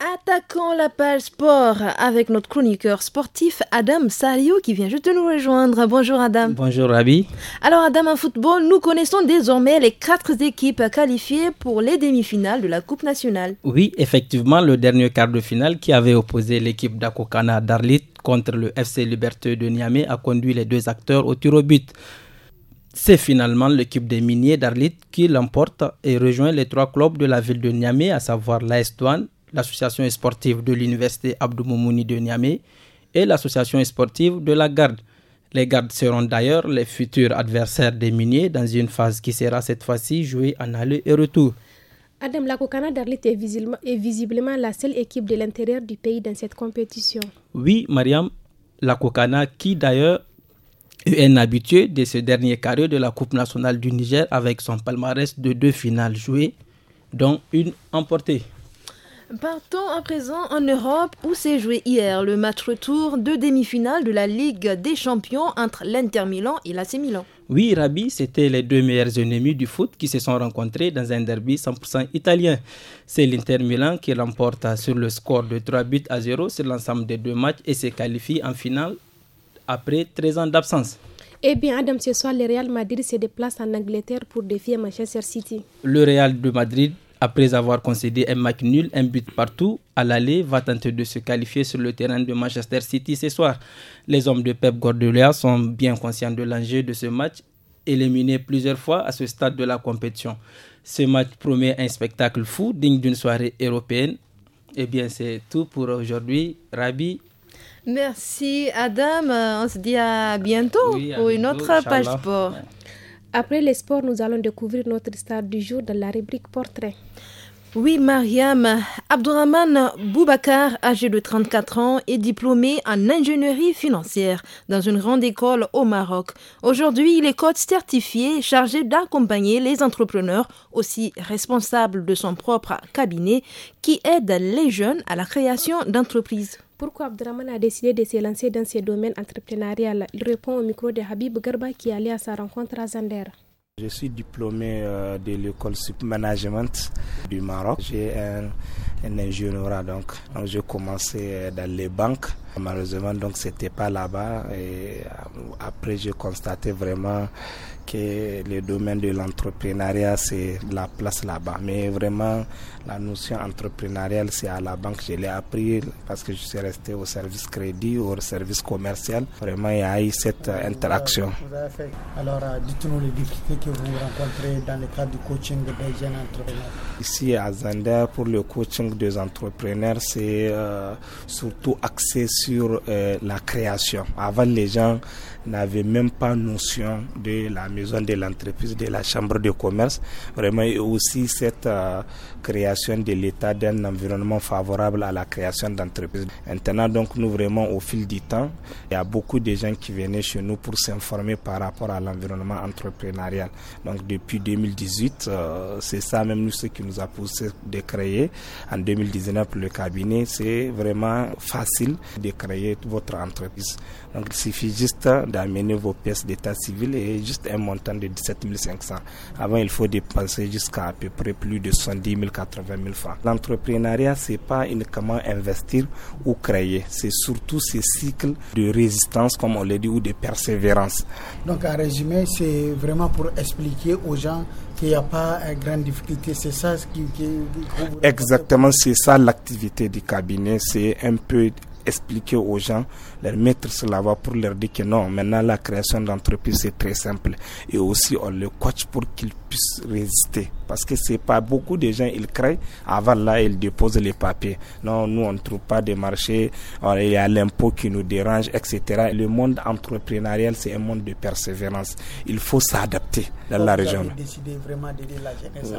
Attaquons la page sport avec notre chroniqueur sportif Adam Sariou qui vient juste de nous rejoindre. Bonjour Adam. Bonjour Rabi. Alors Adam, en football, nous connaissons désormais les quatre équipes qualifiées pour les demi-finales de la Coupe nationale. Oui, effectivement, le dernier quart de finale qui avait opposé l'équipe d'Akokana d'Arlit contre le FC Liberté de Niamey a conduit les deux acteurs au tir au but. C'est finalement l'équipe des miniers d'Arlit qui l'emporte et rejoint les trois clubs de la ville de Niamey, à savoir l'AS l'association sportive de l'université Abdou Moumouni de Niamey et l'association sportive de la Garde. Les gardes seront d'ailleurs les futurs adversaires des miniers dans une phase qui sera cette fois-ci jouée en aller et retour. Adam Lakokana Darlit est visiblement, est visiblement la seule équipe de l'intérieur du pays dans cette compétition. Oui, Mariam Lakokana, qui d'ailleurs est un habitué de ce dernier carré de la Coupe nationale du Niger avec son palmarès de deux finales jouées, dont une emportée. Partons à présent en Europe où s'est joué hier le match retour de demi-finale de la Ligue des Champions entre l'Inter Milan et l'AC Milan. Oui, Rabi, c'était les deux meilleurs ennemis du foot qui se sont rencontrés dans un derby 100% italien. C'est l'Inter Milan qui l'emporte sur le score de 3 buts à 0 sur l'ensemble des deux matchs et se qualifie en finale après 13 ans d'absence. Eh bien, Adam, ce soir, le Real Madrid se déplace en Angleterre pour défier Manchester City. Le Real de Madrid après avoir concédé un match nul, un but partout, à l'aller, va tenter de se qualifier sur le terrain de Manchester City ce soir. Les hommes de Pep Guardiola sont bien conscients de l'enjeu de ce match, éliminé plusieurs fois à ce stade de la compétition. Ce match promet un spectacle fou, digne d'une soirée européenne. Et eh bien, c'est tout pour aujourd'hui. Rabi, Merci Adam, on se dit à bientôt pour une autre page sport. Après les sports, nous allons découvrir notre star du jour dans la rubrique Portrait. Oui, Mariam. Abdourahman Boubakar, âgé de 34 ans, est diplômé en ingénierie financière dans une grande école au Maroc. Aujourd'hui, il est coach certifié chargé d'accompagner les entrepreneurs, aussi responsables de son propre cabinet, qui aide les jeunes à la création d'entreprises. Pourquoi Abdraman a décidé de se lancer dans ce domaine entrepreneurial Il répond au micro de Habib Garba qui est allé à sa rencontre à Zander. Je suis diplômé euh, de l'école management du Maroc. J'ai un, ingénieur donc, j'ai commencé euh, dans les banques. Malheureusement donc c'était pas là-bas et euh, après j'ai constaté vraiment que le domaine de l'entrepreneuriat c'est la place là-bas. Mais vraiment la notion entrepreneuriale, c'est à la banque, je l'ai appris parce que je suis resté au service crédit, au service commercial. Vraiment, il y a eu cette euh, interaction. Alors, euh, dites-nous les difficultés que vous rencontrez dans le cadre du coaching des jeunes entrepreneurs. Ici à Zander, pour le coaching des entrepreneurs, c'est euh, surtout axé sur la création. Avant, les gens n'avaient même pas notion de la maison de l'entreprise, de la chambre de commerce. Vraiment, aussi cette création de l'État d'un environnement favorable à la création d'entreprises. Maintenant, donc, nous vraiment, au fil du temps, il y a beaucoup de gens qui venaient chez nous pour s'informer par rapport à l'environnement entrepreneurial. Donc, depuis 2018, euh, c'est ça même nous ce qui nous a poussé de créer. En 2019, le cabinet, c'est vraiment facile de créer votre entreprise il suffit juste d'amener vos pièces d'état civil et juste un montant de 17 500. Avant, il faut dépenser jusqu'à à peu près plus de 70 000, 80 000 francs. L'entrepreneuriat, n'est pas uniquement investir ou créer, c'est surtout ces cycles de résistance, comme on l'a dit, ou de persévérance. Donc, en résumé, c'est vraiment pour expliquer aux gens qu'il n'y a pas de grande difficulté. C'est ça ce qui... Exactement, c'est ça l'activité du cabinet. C'est un peu expliquer aux gens, leur mettre cela va pour leur dire que non, maintenant la création d'entreprise c'est très simple. Et aussi on le coach pour qu'ils puissent résister parce que c'est pas beaucoup de gens ils créent avant là ils déposent les papiers. Non, nous on ne trouve pas de marché, il y a l'impôt qui nous dérange, etc. Le monde entrepreneurial c'est un monde de persévérance. Il faut s'adapter dans Donc, la vous région. Avez décidé vraiment d'aider la jeunesse.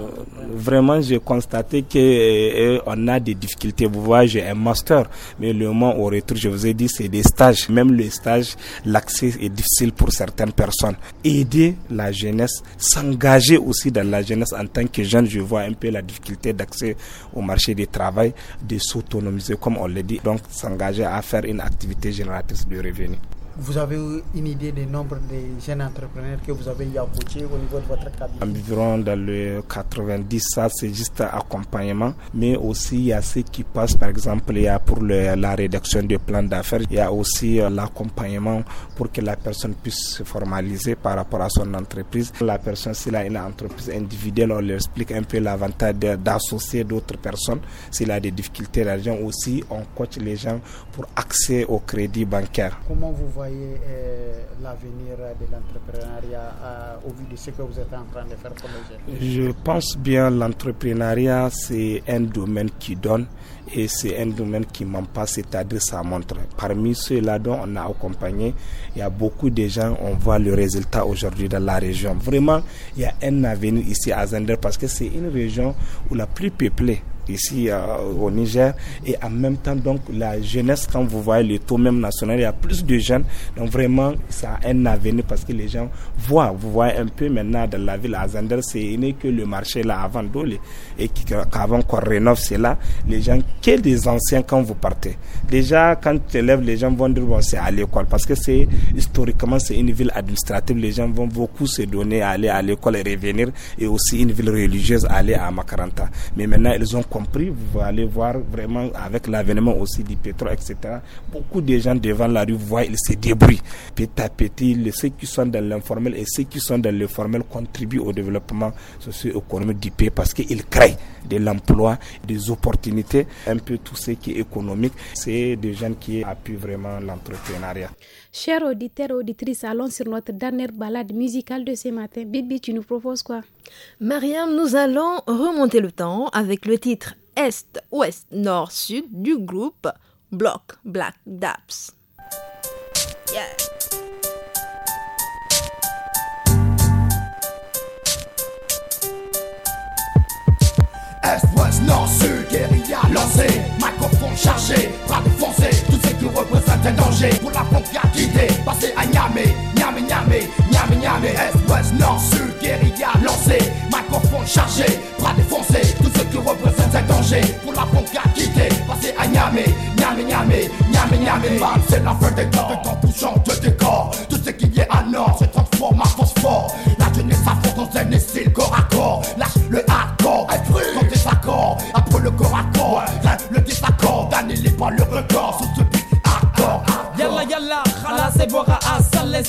vraiment, j'ai constaté que euh, on a des difficultés. Vous voyez, j'ai un master, mais le moment au retour, je vous ai dit, c'est des stages. Même les stages, l'accès est difficile pour certaines personnes. Aider la jeunesse, s'engager aussi dans la jeunesse en tant que jeune, je vois un peu la difficulté d'accès au marché du travail, de s'autonomiser, comme on l'a dit, donc s'engager à faire une activité génératrice de revenus. Vous avez une idée des nombres de jeunes entrepreneurs que vous avez coachés au niveau de votre cabinet Environ dans le 90, ça c'est juste accompagnement, mais aussi il y a ceux qui passent, par exemple, il y a pour la rédaction du plan d'affaires, il y a aussi euh, l'accompagnement pour que la personne puisse se formaliser par rapport à son entreprise. La personne, s'il a une entreprise individuelle, on lui explique un peu l'avantage d'associer d'autres personnes. S'il a des difficultés d'argent aussi, on coach les gens pour accès au crédit bancaire. Comment vous voyez euh, l'avenir de l'entrepreneuriat euh, au vu de ce que vous êtes en train de faire pour les jeunes Je pense bien l'entrepreneuriat, c'est un domaine qui donne et c'est un domaine qui ne manque pas, c'est-à-dire ça montre. Parmi ceux-là dont on a accompagné, il y a beaucoup de gens, on voit le résultat aujourd'hui dans la région. Vraiment, il y a un avenir ici à Zender parce que c'est une région où la plus peuplée ici au Niger et en même temps donc la jeunesse quand vous voyez le taux même national il y a plus de jeunes donc vraiment ça a un avenir parce que les gens voient vous voyez un peu maintenant dans la ville à Zander c'est n'est que le marché là avant Dolé et qu'avant qu'on rénove là les gens que des anciens quand vous partez déjà quand tu élèves les gens vont dire bon c'est à l'école parce que c'est historiquement c'est une ville administrative les gens vont beaucoup se donner à aller à l'école et revenir et aussi une ville religieuse aller à Makaranta mais maintenant ils ont vous allez voir vraiment avec l'avènement aussi du pétrole, etc. Beaucoup de gens devant la rue voient, ils se débrouillent. Petit à petit, ceux qui sont dans l'informel et ceux qui sont dans le formel contribuent au développement socio-économique du pays parce qu'ils créent de l'emploi, des opportunités, un peu tout ce qui est économique. C'est des gens qui appuient vraiment l'entrepreneuriat. Chers auditeurs et auditrices, allons sur notre dernière balade musicale de ce matin. Bibi, tu nous proposes quoi Mariam, nous allons remonter le temps avec le titre Est, Ouest, Nord, Sud du groupe Block Black Daps. Yeah. Est, Ouest, Nord, Sud, guérilla lancée, microphone chargé, pas défoncé qui représente un danger pour la frontière quittée. Passé à Niamey, Niamey, Niamey, Niamey, Niamey, Est, Ouest, Nord, Sud, ma lancée, microphone chargé, bras défoncés. Tout ce qui représente un danger pour la frontière quittée. Passé à Niamey, Niamey, Niamey, Niamey, Niamey, c'est la fin des temps, des temps touchants, de décor. Tout ce qui est à Nord se transforme en phosphore. La jeunesse affronte dans un style corps à corps. Lâche le hardcore, esprit, ton désaccord. Après le corps à corps, le désaccord, les pas le record.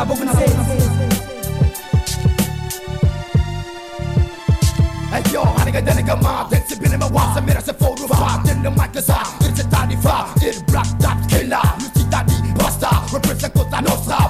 la boku na sasa Hey yo, hani ga dani ga ma Densi bini ma wa Sa mera se foru fa Din na mic sa Din se tani fa Din black dot killer You see daddy Rasta Represent Costa Nostra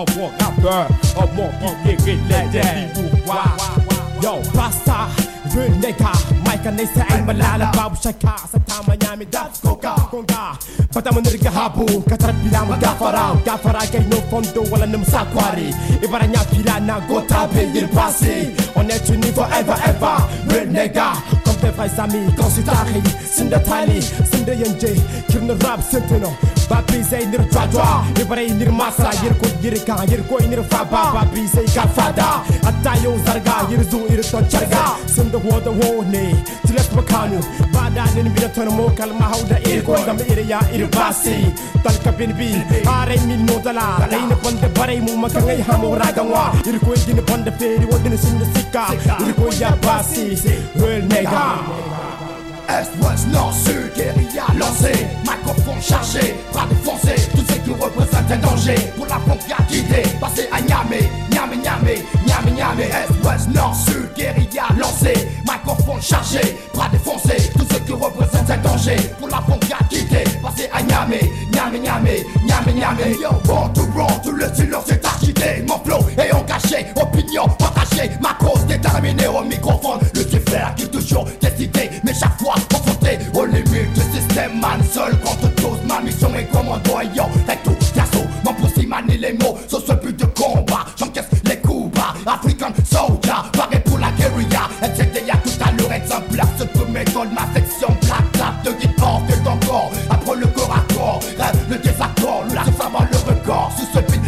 un moins rappeur, un moins qui guérit les débuts. Yo, pasta, Reneka, Mike and Nessa, I'm a lala, Babu Shaka, Satama Yami, conga. Koka, Konga, Batamanurika Habu, Katarpinam, Gafara, Gafara, no Fondo, Walanum Sakwari, Ibaranya Pilana, Gota, Bill Passi, on est unis forever, ever, Renega, of the faisami Kosi tahi, sinda tali, rap Babi say nir jwa nir masa, yir ko yir ka Yir ko nir faba, babi say ka fada zarga, yir zu to charga da ne, tilet Bada nin bina tono mo kalma ko Gam ya ir basi bin bi, min no dala mu hamo Yir ko sika Yir ko ya basi, nega Est-Ouest lancé, guérilla lancée, microphone chargé, bras défoncés tout ce qui représente un danger pour la pompe quitté, passé à Niamé Niamé Niamé Niamé Niamé Est, Ouest, Nord, Sud, guérilla lancée, microphone chargé, bras défoncé, tout ce qui représente un danger pour la a quitté passé à Niamé Niamé Niamé Niamé Niamey, yo, bon, tout wrong, tout le silence est archité mon flow est engagé, opinion partagée, ma cause déterminée au microphone, Le Lucifer qui toujours décidé, mais chaque fois confronté Au limite du système, man, seul contre tous, ma mission est yo Fait tout, perso, mon poussi, manie les mots, sur ce but African soldier, paré pour la guérilla. déjà tout à l'heure exemple. Ce place de mes ma section black tap de guide porte de ton Après le corps à corps, rêve le désaccord, nous la avant le record. Sous ce beat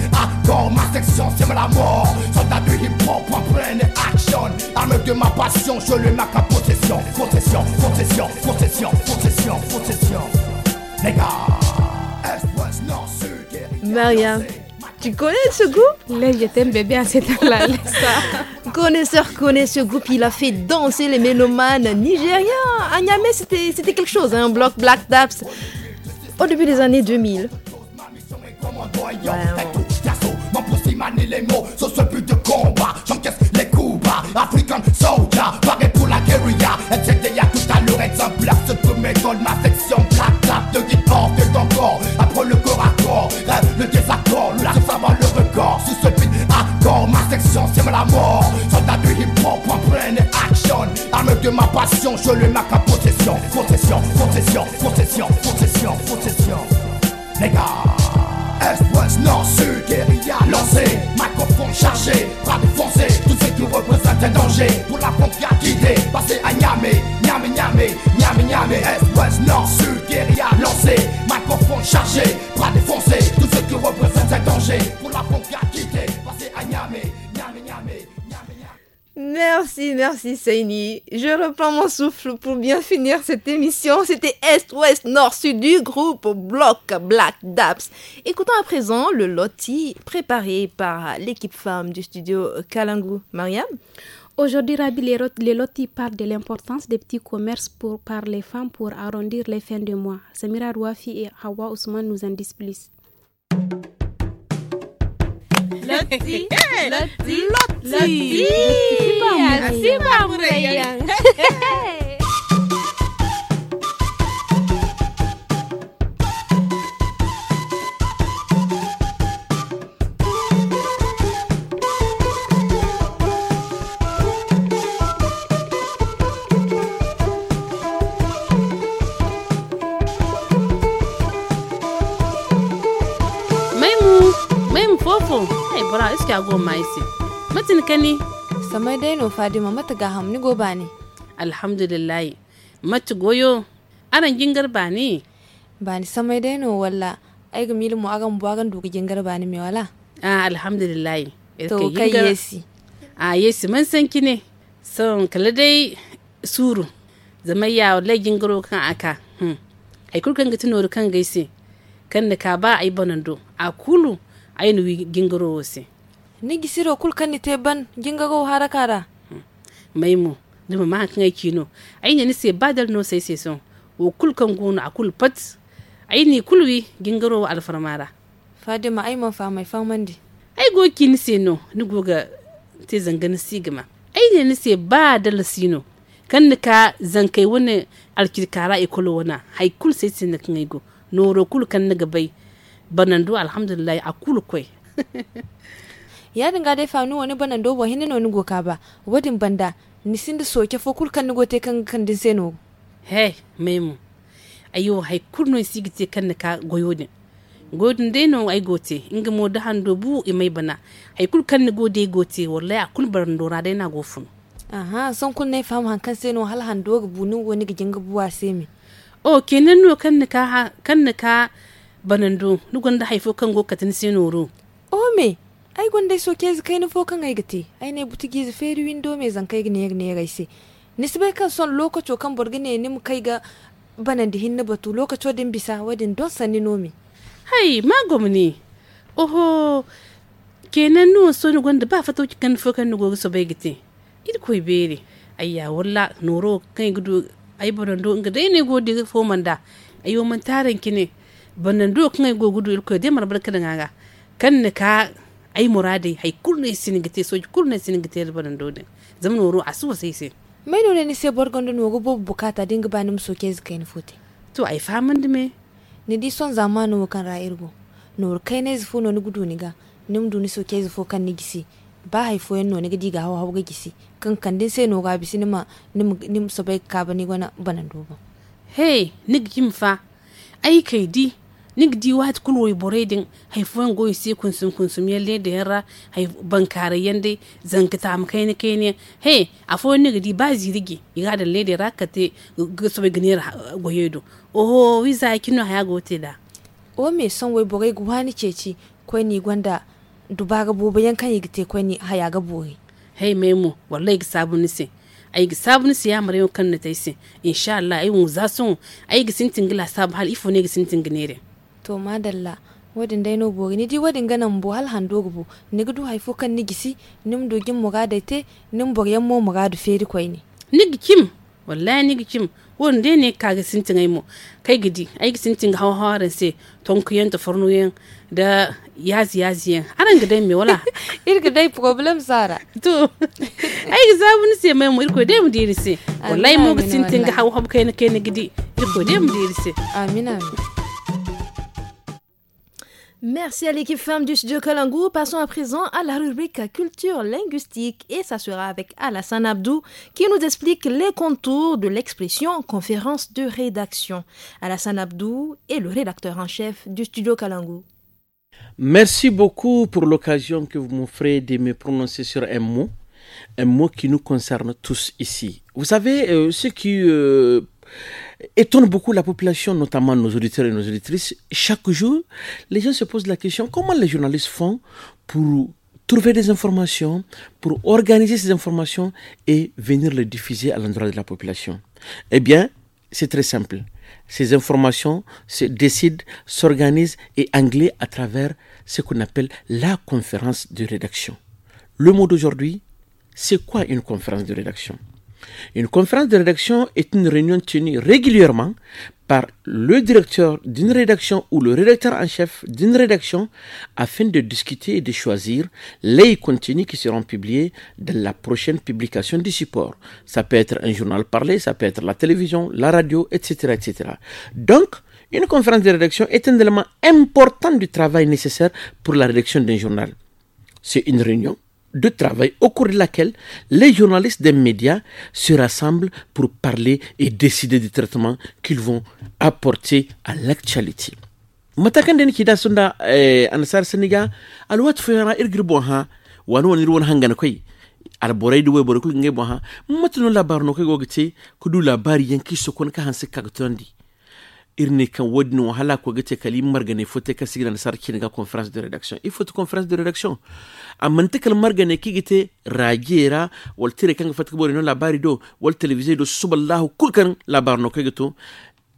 corps ma section c'est la mort. Soldat du hip hop en pleine action. Arme de ma passion, je le marque en possession. Possession, possession, possession, possession, possession. Les gars, est, c'est non Maria. Tu connais ce groupe Là, je t'aime bébé à âge là Connaisseur connaît ce groupe, il a fait danser les mélomanes nigériens. À Niamey, c'était quelque chose, un hein. bloc Black Daps Au début des années 2000. possession, je lui marque à possession, possession, possession, possession. Merci, merci Saini. Je reprends mon souffle pour bien finir cette émission. C'était Est, Ouest, Nord, Sud du groupe Bloc Black Daps. Écoutons à présent le loti préparé par l'équipe femme du studio Kalangu. Mariam Aujourd'hui, Rabi, les loti parle de l'importance des petits commerces pour, par les femmes pour arrondir les fins de mois. Samira Rouafi et Hawa Ousmane nous en disent plus. Lottie Lottie loti. Loti. Loti. fofo ai bora iske ago maisi matin ka kani samai dai no fadima mata ga hamni goba ne. alhamdulillah mata goyo aran gingar ba Ba ni samai dai no walla ai ga milmu agan buwa gan duka gingar ba bani mai wala ah alhamdulillah to kai yesi a ah, yesi man san ki ne son kala dai suru zamayya wallahi gingaro kan aka Hmm. ai kurkan ga tunori kan gaisi kan da ka ba ai banando a kulu ainu gingiro wose ni gisiro kulkan ni teban gingago harakara hmm. maimu dama ma kan ai kino ai ni se badal no sai seson wo kulkan gono a kul pat ai ni kulwi gingiro alfarmara fadima ai man fa mai mandi ai go ni se no ni goga te zangan sigma ai ne ni se badal sino kan ni ka zankai wani alkirkara ikolo e wana kul sai sin kan ai go noro kul kan ni gabai banando alhamdulillah a kulu kwe ya dinga dai fanu wani banando wa hinna wani goka ba wadin banda nisin da soke fo kul kan gote kan kan din seno hey memu ayo hay kurno sigite kan ka goyodin godin dai no ayi gote inga mo da hando bu e mai bana hay kul kan gode gote wallahi a kul barando ra dai na gofun aha son kun ne fam han kan seno hal hando ga bunu wani gijin gabuwa sai mi o kenan no kan ka kan ka do ni gwanda haifo kan go katin sinoro o me ai gwanda so ke kai ni fo kan ai ai ne buti gizi feri window me zan kai ne ne ni nisbai kan son lokaco kan borgine ni mu kai ga banan da hinna batu lokaco din bisa wadin don sanni nomi hai magom ne oho kenan nuwa so ni gwanda ba fato kan fo kan ni go so bai gite koi bere ayya wala noro kan gudu ai do inga dai ne godi fo manda ayo man taran ki ne banan duk kan go gudu ilko de mar barka da ngaga kan ne ka ai murade hay sin gite so sin gite banan do de zaman woro asu sai sai mai no ne sai borgon do no bo bukata dinga banum so ke zaka ni fute to ai faman de me ni di son zamanu kan ra irgo nur kai ne zufu no ni gudu ni ga nim du ni so ke zufu kan ni gisi ba haifo yan noni gidi ga hawa ga gisi kan din sai no ga bisi nima nim nim so bai ka bani gona banan ba. hey nigi kimfa ai kai di di wat kun woy boredin hay foyan goy si kunsum kunsum yalle da yarra hay bankare yande zankita am kai ne kai ne he afo nigdi ba zirigi iga da lede rakate gusu be gnir uh, goyedo oho wiza kino haya gote da o me son woy bore gwani ceci kwai ni gwanda bayan kan yi yigite kwai ni haya ga bore hey memu wallahi sabu se ay ga sabun si ya mare kan na tayse insha Allah ay mu sun ay ga sintin gila sabu hal ifo ne ga sintin gnere to madalla wadin no bori ni di wadin ganan bo hal hando gubo ni gudu haifo kan ni gisi nim dogin murada te nim boryan mo muradu feri koy ni ni gikim wallahi ni gikim won de ne kaga sintin ai mo kai gidi ai sintin hawa hawaran se ton yanta ta yen da yazi yazi aran gidai me wala irga dai problem sara to ai zabu ni se mai mu ko dai mu diri se wallahi mo gisintin ga hawa hawa kai ne kai ne gidi ko dai mu diri se amina Merci à l'équipe femme du studio Kalangu. Passons à présent à la rubrique culture linguistique et ça sera avec Alassane Abdou qui nous explique les contours de l'expression conférence de rédaction. Alassane Abdou est le rédacteur en chef du studio Kalangu. Merci beaucoup pour l'occasion que vous m'offrez de me prononcer sur un mot, un mot qui nous concerne tous ici. Vous savez, euh, ce qui euh, étonne beaucoup la population, notamment nos auditeurs et nos auditrices. Chaque jour, les gens se posent la question comment les journalistes font pour trouver des informations, pour organiser ces informations et venir les diffuser à l'endroit de la population Eh bien, c'est très simple. Ces informations se décident, s'organisent et anglais à travers ce qu'on appelle la conférence de rédaction. Le mot d'aujourd'hui, c'est quoi une conférence de rédaction une conférence de rédaction est une réunion tenue régulièrement par le directeur d'une rédaction ou le rédacteur en chef d'une rédaction afin de discuter et de choisir les contenus qui seront publiés dans la prochaine publication du support. Ça peut être un journal parlé, ça peut être la télévision, la radio, etc. etc. Donc, une conférence de rédaction est un élément important du travail nécessaire pour la rédaction d'un journal. C'est une réunion de travail au cours de laquelle les journalistes des médias se rassemblent pour parler et décider des traitements qu'ils vont apporter à l'actualité. matakan da nake da sun eh, anasar saniga alwat fayara irgir boha wani wani ruwan hangana boray alborai da waiborai kulkin gai boha matinu labarin kai gogite kudu labari yanki su kun ka hansi kagatondi irne kan wadno hala ko gate kali margane fote ka sigran sarki ga conference de rédaction. il faut conference de redaction amman tikal margane gite ragera wal tire kan fatka bori no labari do wal television do suballahu kulkan labarno kagito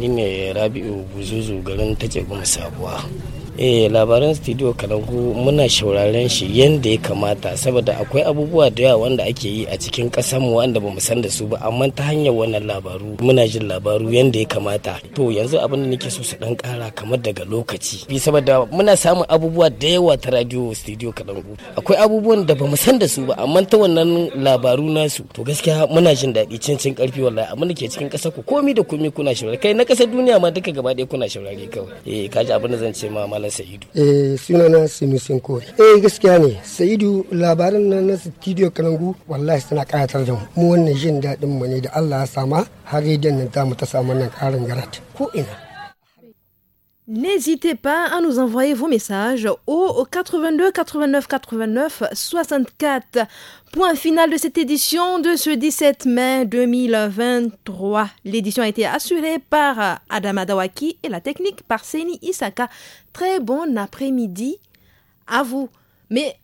Ni ne Rabi'u Buzuzu garin take goma sabuwa. eh labaran studio kalangu muna shauraren shi yadda ya kamata saboda akwai abubuwa da yawa wanda ake yi a cikin mu wanda bamu san da su ba amma ta hanyar wannan labaru muna jin labaru yadda ya kamata to yanzu abin da nake so su dan kara kamar daga lokaci bi saboda muna samun abubuwa da yawa ta radio studio kalangu akwai abubuwan da bamu san da su ba amma ta wannan labaru nasu to gaskiya muna jin daɗi cin cin karfi wallahi abin da ke cikin ƙasar ku komi da komi kuna shaurare kai na ƙasar duniya ma duka gaba ɗaya kuna shaurare kawai eh kaji abin da zan ce ma Malam Sa'idu. Eh sunana Simisin Kore. Eh gaskiya ne Sa'idu labarin nan na Studio Kanangu wallahi suna kayatar da mu. Mu wannan jin daɗin mu ne da Allah ya sama har yadda nan ta mu ta samu nan ƙarin garat. Ko ina N'hésitez pas à nous envoyer vos messages au 82 89 89 64. Point final de cette édition de ce 17 mai 2023. L'édition a été assurée par Adama Dawaki et la technique par Seni Isaka. Très bon après-midi à vous. Mais